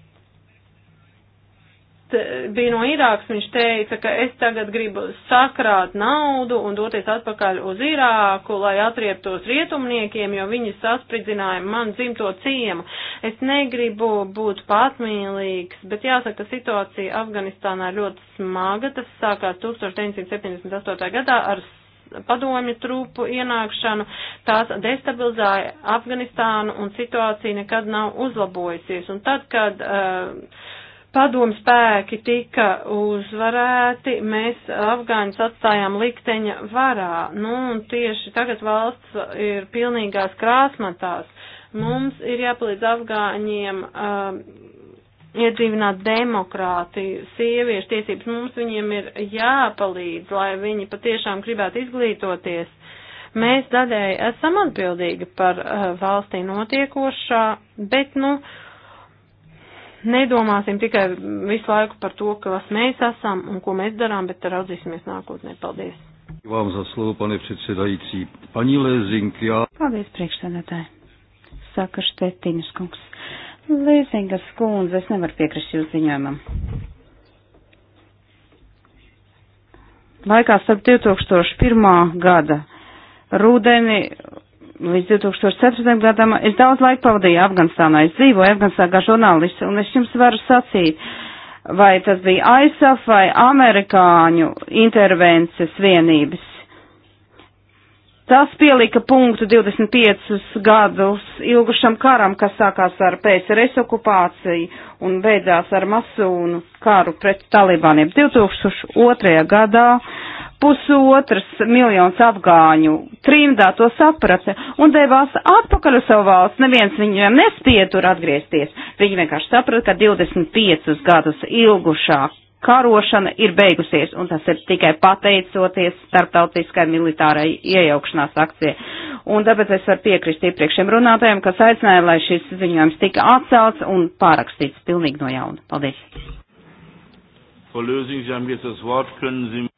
bija no Irākas, viņš teica, ka es tagad gribu sakrāt naudu un doties atpakaļ uz Irāku, lai atrieptos rietumniekiem, jo viņi saspridzināja man dzimto ciemu. Es negribu būt patmīlīgs, bet jāsaka, situācija Afganistānā ir ļoti smaga. Tas sākās 1978. gadā ar padomju trūpu ienākšanu, tās destabilizēja Afganistānu un situācija nekad nav uzlabojusies. Un tad, kad uh, padomu spēki tika uzvarēti, mēs Afgāņus atstājām likteņa varā. Nu, un tieši tagad valsts ir pilnīgās krāsmatās. Mums ir jāpalīdz Afgāņiem uh, iedzīvināt demokrātiju, sieviešu tiesības. Mums viņiem ir jāpalīdz, lai viņi patiešām gribētu izglītoties. Mēs daļēji esam atbildīgi par uh, valstī notiekošā, bet, nu, uh, nedomāsim tikai visu laiku par to, kas mēs esam un ko mēs darām, bet raudzīsimies nākotnē. Paldies! Vám za slovo, pane předsedající. Paní Lézink, já... Paldies, priekšsēdētāji. Saka Štetiņas kungs. Līdzīgas kundze, es nevaru piekrist jūsu ziņojumam. Laikā starp 2001. gada rudeni līdz 2004. gadam es daudz laika pavadīju Afganistānā. Es dzīvoju Afganistānā kā žurnālists, un es jums varu sacīt, vai tas bija ISAF vai amerikāņu intervences vienības. Tas pielika punktu 25 gadus ilgušam karam, kas sākās ar PSRS okupāciju un beidzās ar masūnu karu pret Talibaniem. 2002. gadā pusotrs miljons afgāņu trimdā to saprata un devās atpakaļ uz savu valsts. Neviens viņiem nespēja tur atgriezties. Viņi vienkārši saprata, ka 25 gadus ilgušā karošana ir beigusies, un tas ir tikai pateicoties starptautiskai militārai iejaukšanās akcijai. Un tāpēc es varu piekrist iepriekšiem runātājiem, kas aicināja, lai šis ziņojums tika atcelts un pārakstīts pilnīgi no jauna. Paldies!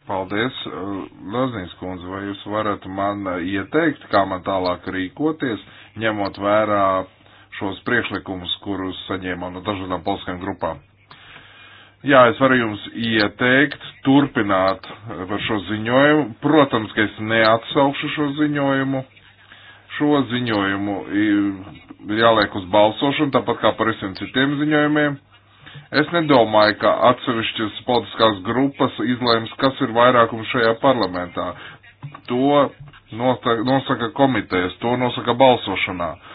Paldies, Lazīs kundze, vai jūs varat man ieteikt, kā man tālāk rīkoties, ņemot vērā šos priekšlikumus, kurus saņēmām no dažādām polskajām grupām? Jā, es varu jums ieteikt turpināt par šo ziņojumu. Protams, ka es neatsaukšu šo ziņojumu. Šo ziņojumu ir jāliek uz balsošanu, tāpat kā par visiem citiem ziņojumiem. Es nedomāju, ka atsevišķas politiskās grupas izlēms, kas ir vairākums šajā parlamentā. To nosaka komitejas, to nosaka balsošanā. Uh,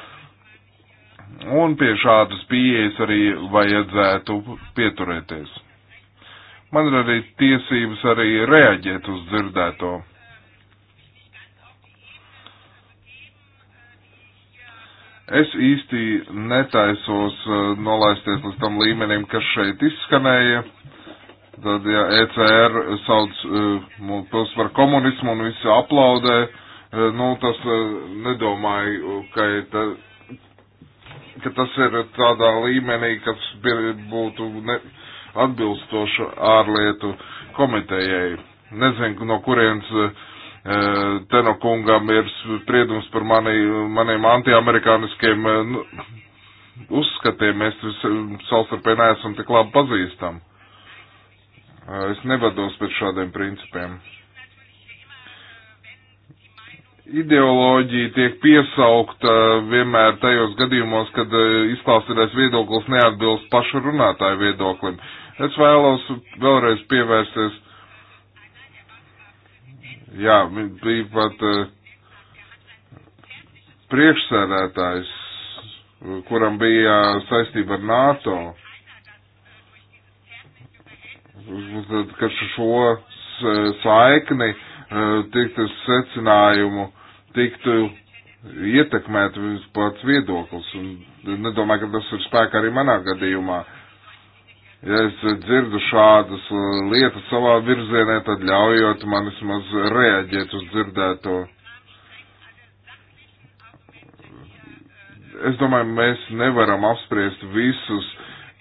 Un pie šādas pieejas arī vajadzētu pieturēties. Man ir arī tiesības arī reaģēt uz dzirdēto. Es īsti netaisos eh, nolaisties līdz tam līmenim, kas šeit izskanēja. Tad, ja ECR sauc eh, tos par komunismu un visi aplaudē, eh, nu, tas nedomāju, ka ka tas ir tādā līmenī, kas būtu ne, atbilstoši ārlietu komitejai. Nezinu, no kurienes e, Tenokungam ir spriedums par mani, maniem antiamerikāniskiem e, nu, uzskatiem. Mēs savstarpēji neesam tik labi pazīstami. E, es nevados pēc šādiem principiem ideoloģija tiek piesaukta vienmēr tajos gadījumos, kad e, izklāstītais viedoklis neatbilst pašu runātāju viedoklim. Es vēlos vēlreiz pievērsties. Jā, bija pat e, priekšsēdētājs, kuram bija saistība ar NATO, ka šo saikni uh, Eh, tikt uz secinājumu, tiktu eh, ietekmēt pats viedoklis. Un nedomāju, ka tas ir spēkā arī manā gadījumā. Ja es dzirdu šādas eh, lietas savā virzienē, tad ļaujot man vismaz reaģēt uz dzirdēto. Es domāju, mēs nevaram apspriest visus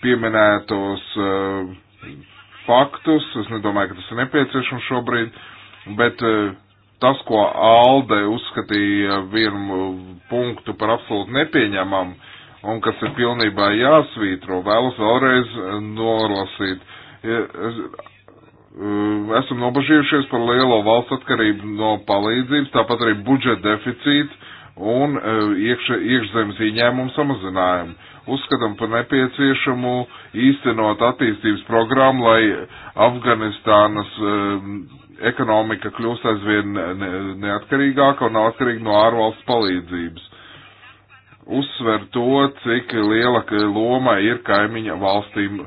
pieminētos uh, faktus. Es nedomāju, ka tas ir nepieciešams šobrīd. Uh, bet e, tas, ko Alde uzskatīja vienu punktu par absolūti nepieņemamu un kas ir pilnībā jāsvītro, vēlos vēlreiz norosīt. E, esam nobažījušies par lielo valsts atkarību no palīdzības, tāpat arī budžeta deficītu un e, iekš, iekšzemes ieņēmumu samazinājumu. Uzskatām par nepieciešamu īstenot attīstības programmu, lai Afganistānas ekonomika kļūst aizvien neatkarīgāka un nav atkarīga no ārvalsts palīdzības. Uzsver to, cik liela loma ir kaimiņa valstīm.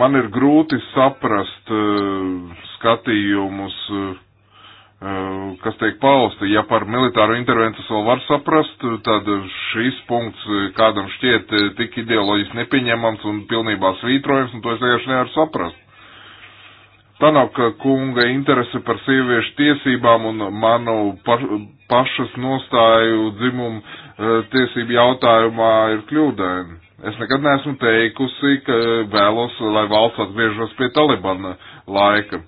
Man ir grūti saprast uh, skatījumus, uh, kas tiek pausti. Ja par militāru intervenciju vēl var saprast, tad šis punkts kādam šķiet eh, tik ideoloģiski nepieņemams un pilnībā svītrojams, un to es vienkārši nevaru saprast Tanaka kunga interese par sieviešu tiesībām un manu pa, pašas nostāju dzimumu e, tiesību jautājumā ir kļūdaini. Es nekad neesmu teikusi, ka vēlos, lai valsts atgriežas pie Talibana laika,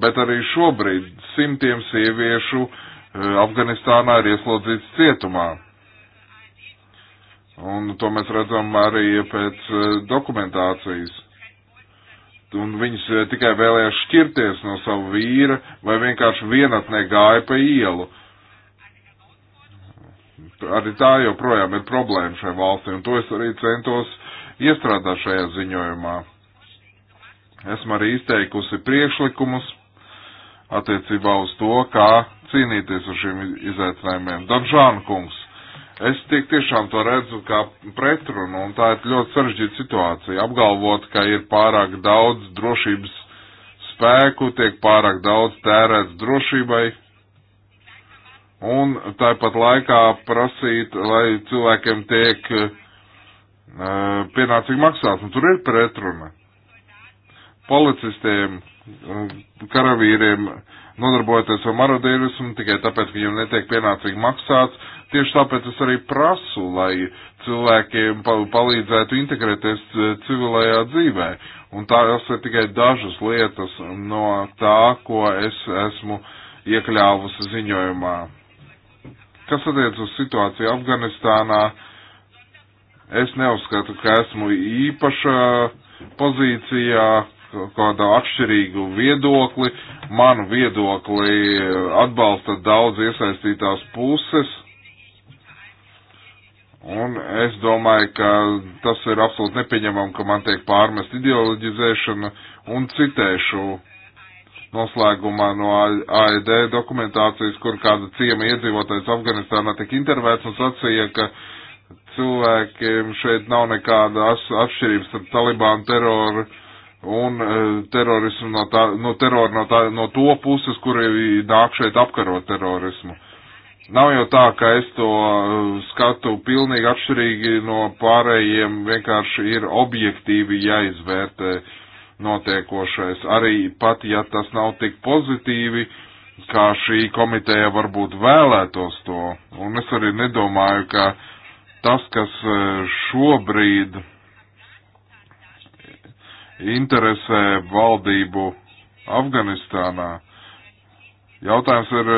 bet arī šobrīd simtiem sieviešu e, Afganistānā ir ieslodzīts cietumā. Un to mēs redzam arī pēc e, dokumentācijas un viņas eh, tikai vēlējās šķirties no sava vīra vai vienkārši vienatnē gāja pa ielu. Arī tā joprojām ir problēma šai valstī, un to es arī centos iestrādāt šajā ziņojumā. Esmu arī izteikusi priekšlikumus attiecībā uz to, kā cīnīties ar šiem izaicinājumiem. Danžāna kungs Es tiek tiešām to redzu kā pretrunu, un tā ir ļoti sarežģīta situācija. Apgalvot, ka ir pārāk daudz drošības spēku, tiek pārāk daudz tērēts drošībai, un tāpat laikā prasīt, lai cilvēkiem tiek uh, pienācīgi maksāts, un tur ir pretruna. Policistiem Uh, karavīriem nodarbojoties ar marodierismu tikai tāpēc, ka viņiem netiek pienācīgi maksāts. Tieši tāpēc es arī prasu, lai cilvēkiem palīdzētu integrēties uh, civilajā dzīvē. Un tās ir tikai dažas lietas no tā, ko es esmu iekļāvusi ziņojumā. Kas attiec uz situāciju Afganistānā, es neuzskatu, ka esmu īpaša pozīcijā kādu atšķirīgu viedokli. Manu viedokli atbalsta daudz iesaistītās puses. Un es domāju, ka tas ir absolūti nepieņemam, ka man tiek pārmest ideoloģizēšana un citēšu noslēgumā no AED dokumentācijas, kur kāda ciema iedzīvotājs Afganistānā tik intervēts un sacīja, ka cilvēkiem šeit nav nekāda atšķirības starp Talibānu teroru un e, terorismu no, tā, no terora no, tā, no to puses, kuri nāk šeit apkarot terorismu. Nav jau tā, ka es to e, skatu pilnīgi atšķirīgi no pārējiem, vienkārši ir objektīvi jāizvērtē notiekošais. Arī pat, ja tas nav tik pozitīvi, kā šī komiteja varbūt vēlētos to. Un es arī nedomāju, ka tas, kas e, šobrīd interesē valdību Afganistānā. Jautājums ir,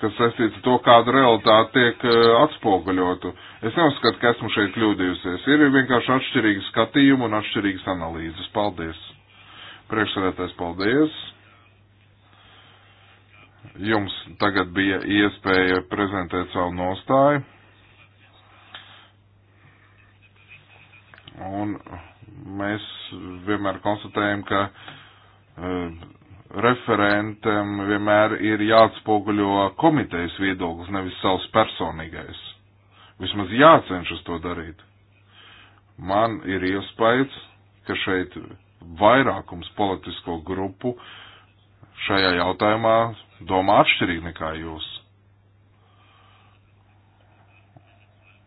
kas saistīts ar to, kāda realitāte tiek eh, atspoguļotu. Es neuzskatu, ka esmu šeit kļūdījusies. Ir vienkārši atšķirīgi skatījumi un atšķirīgas analīzes. Paldies! Priekšsēdētājs, paldies! Jums tagad bija iespēja prezentēt savu nostāju. Un mēs vienmēr konstatējam, ka uh, referentam vienmēr ir jāatspoguļo komitejas viedoklis, nevis savs personīgais. Vismaz jācenšas to darīt. Man ir iespējas, ka šeit vairākums politisko grupu šajā jautājumā domā atšķirīgi nekā jūs.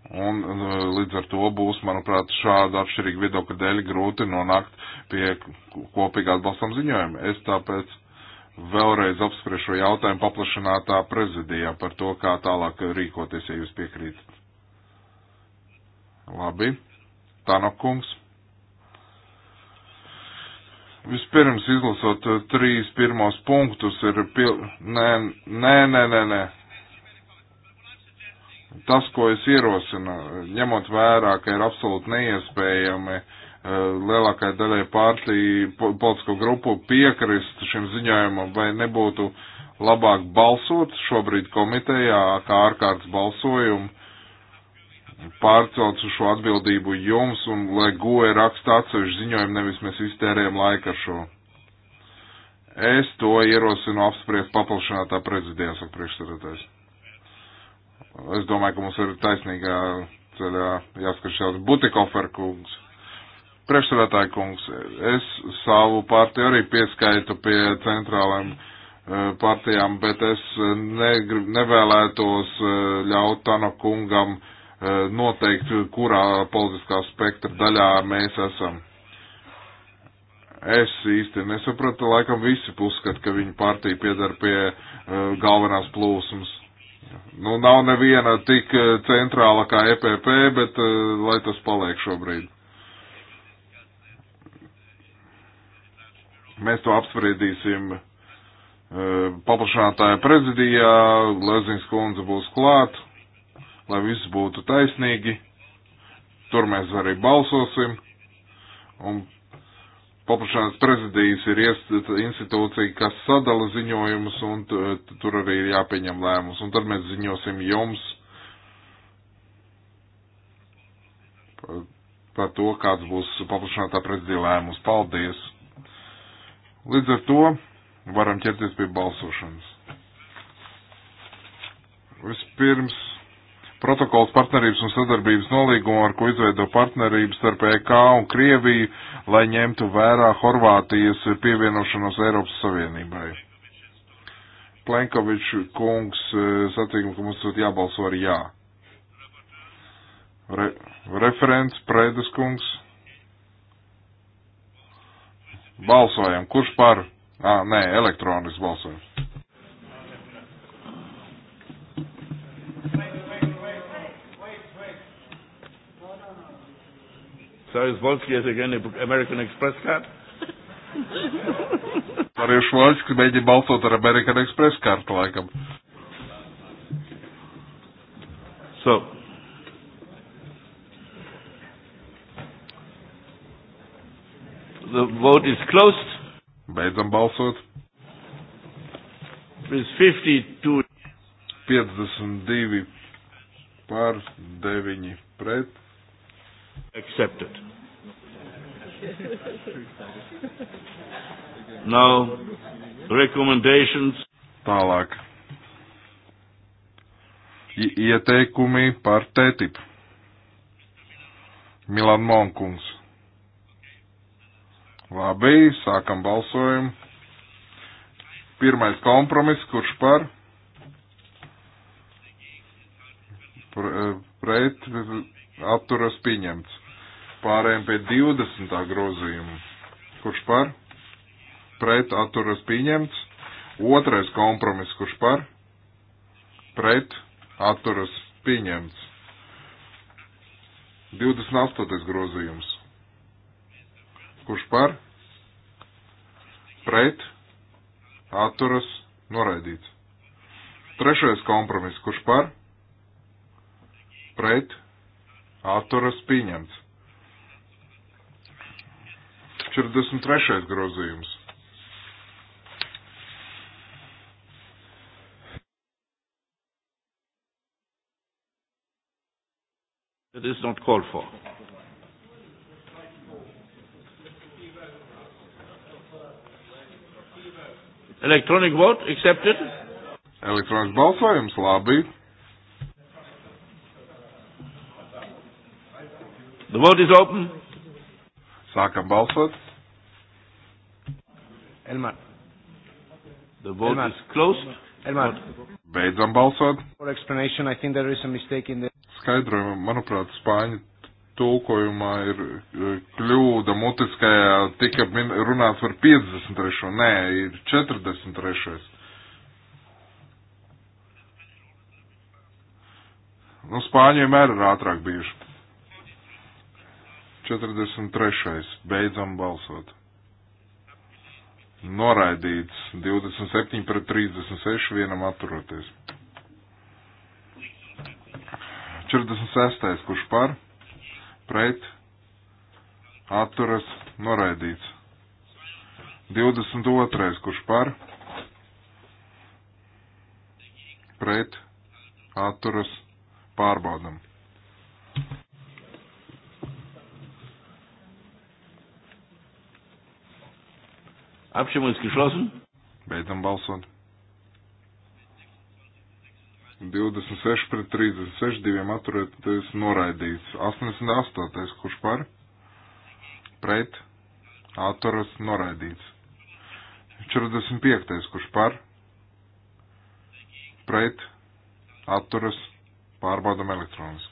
Un uh, līdz ar to būs, manuprāt, šāda atšķirīga viedokļa dēļ grūti nonākt pie kopīgā atbalstam ziņojuma. Es tāpēc vēlreiz apspriešu jautājumu paplašinātā prezidijā par to, kā tālāk rīkoties, ja jūs piekrītat. Labi. Tanokungs. Vispirms izlasot uh, trīs pirmos punktus ir pil... Nē, nē, nē, nē, nē. Tas, ko es ierosinu, ņemot vērā, ka ir absolūti neiespējami eh, lielākai daļai partiju politisko grupu piekrist šim ziņojumam, vai nebūtu labāk balsot šobrīd komitejā, kā ārkārtas balsojumu, pārcelt uz šo atbildību jums un lai goja raksta atsevišķu ziņojumu, nevis mēs iztērējam laika šo. Es to ierosinu apspriest paplašinātā prezidijā, saka priekšsēdētājs. Es domāju, ka mums ir taisnīgā ceļā jāskat šāds Butikofer kungs. Priekšsēdētāja kungs, es savu partiju arī pieskaitu pie centrālajiem e, partijām, bet es negrib, nevēlētos e, ļaut Tano kungam e, noteikt, kurā politiskā spektra daļā mēs esam. Es īsti nesapratu, laikam visi uzskata, ka viņa partija piedara pie uh, galvenās plūsmas. Nu, nav neviena tik eh, centrāla kā EPP, bet uh, lai tas paliek šobrīd. Mēs to apspriedīsim uh, paplašinātāja prezidijā, Lezings kundze būs klāt, lai viss būtu taisnīgi. Tur mēs arī balsosim. Un Paplašanās prezidijas ir institūcija, kas sadala ziņojumus, un tur arī ir jāpieņem lēmums. Un tad mēs ziņosim jums par, par to, kāds būs paplašinātā prezidija lēmums. Paldies! Līdz ar to varam ķerties pie balsošanas. Vispirms Protokols partnerības un sadarbības nolīgumu, ar ko izveido partnerības starp EK un Krieviju, lai ņemtu vērā Horvātijas pievienošanos Eiropas Savienībai. Plenkovičs kungs e, satīkuma, ka mums būtu jābalso ar jā. Re, referents Prēdas kungs. Balsojam. Kurš par? Ā, nē, elektronisks balsojums. Cyrus Volsky has again an American Express card. Cyrus Volsky mēģina balsot ar American Express kartu laikam. So, the vote is closed. Beidzam balsot. With 52. 52 pār 9 pret Accepted. Now, recommendations. Tālāk. I ieteikumi par tētip. Milan Monkungs. Labi, sākam balsojumu. Pirmais kompromiss, kurš par? Eh, pret, atturas pieņemts. Pārējiem pie 20. grozījuma. Kurš par? Pret atturas pieņemts. Otrais kompromiss. Kurš par? Pret atturas pieņemts. 28. grozījums. Kurš par? Pret atturas noraidīts. Trešais kompromiss. Kurš par? Pret atturas pieņemts. 43. grozījums. It is not called for. Electronic vote accepted. Elektronisks balsojums labi The vote is open. Sākam balsot. Elmar. The vote Elmar. is closed. Elmar. Beidzam balsot. For explanation, I think there is a mistake in the... Skaidrojumu, manuprāt, spāņu tulkojumā ir eh, kļūda mutiskajā, tika runāts par 53. Nē, ir 43. Nu, spāņi vienmēr ir ātrāk bijuši. 43. Beidzam balsot. Noraidīts 27 pret 36, vienam atturoties. 46. Kurš par? Pret? Atturas? Noraidīts. 22. Kurš par? Pret? Atturas? Pārbaudam. Abstimmung ist geschlossen. Beidzam balsot. 26 pret 36, diviem atturēties noraidīts. 88. kurš par? Pret. Atturas noraidīts. 45. kurš par? Pret. Atturas. Pārbaudam elektronis.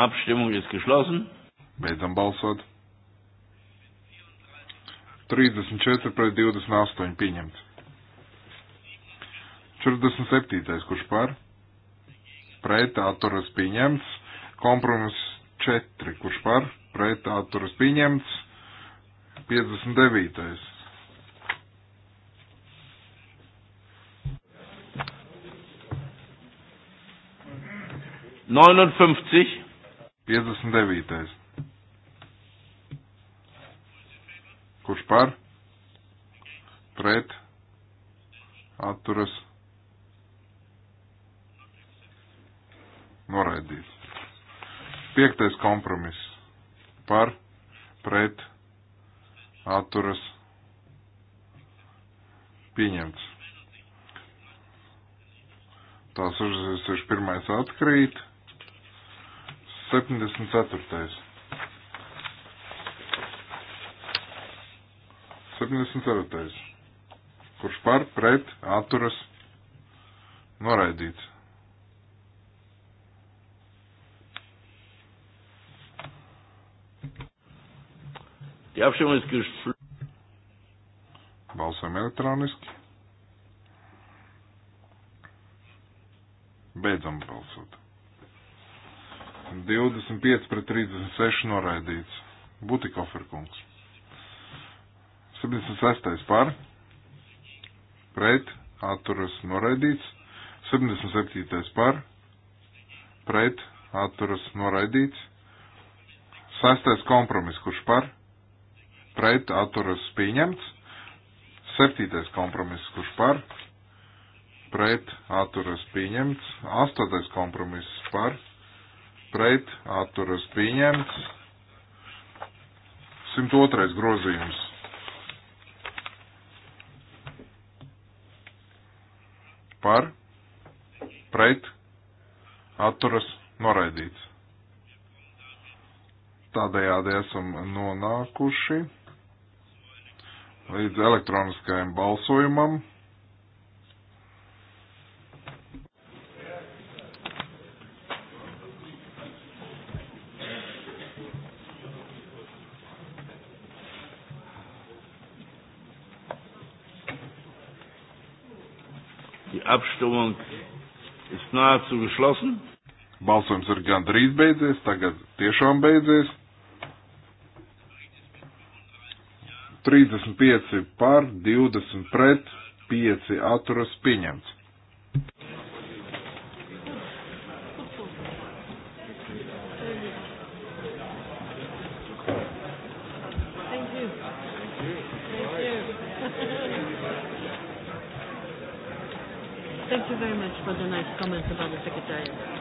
Abstimmung ist geschlossen. Beidzam balsot. 34 pret 28 pieņemts. 47. kurš par? Pret atturas pieņemts. Kompromiss 4. Kurš par? Pret atturas pieņemts. 59. Neunundfünfzig. 59. Kurš par? Pret? Atturas? Noraidīts. Piektais kompromiss. Par? Pret? Atturas? Pieņemts. Tās 61. atkrīt. 74. 74. Kurš par, pret, atturas, noraidīts. Die Abstimmung ist geschlossen. Balsam elektroniski. Beidzam balsot. 25 pret 36 noraidīts. Butikoferkungs. 76. par. Pret. Atturas noraidīts. 77. par. Pret. Atturas noraidīts. 6. kompromis, kurš par. Pret. Atturas pieņemts. 7. kompromis, kurš par. Pret. Atturas pieņemts. 8. kompromis par pret atturas pieņemts. 102. grozījums. Par pret atturas noraidīts. Tādējādi esam nonākuši līdz elektroniskajam balsojumam. Abstimmung ist nahezu geschlossen. Balsojums ir gandrīz beidzies, tagad tiešām beidzies. 35 par, 20 pret, 5 atturas pieņemts. comments about the Secretariat.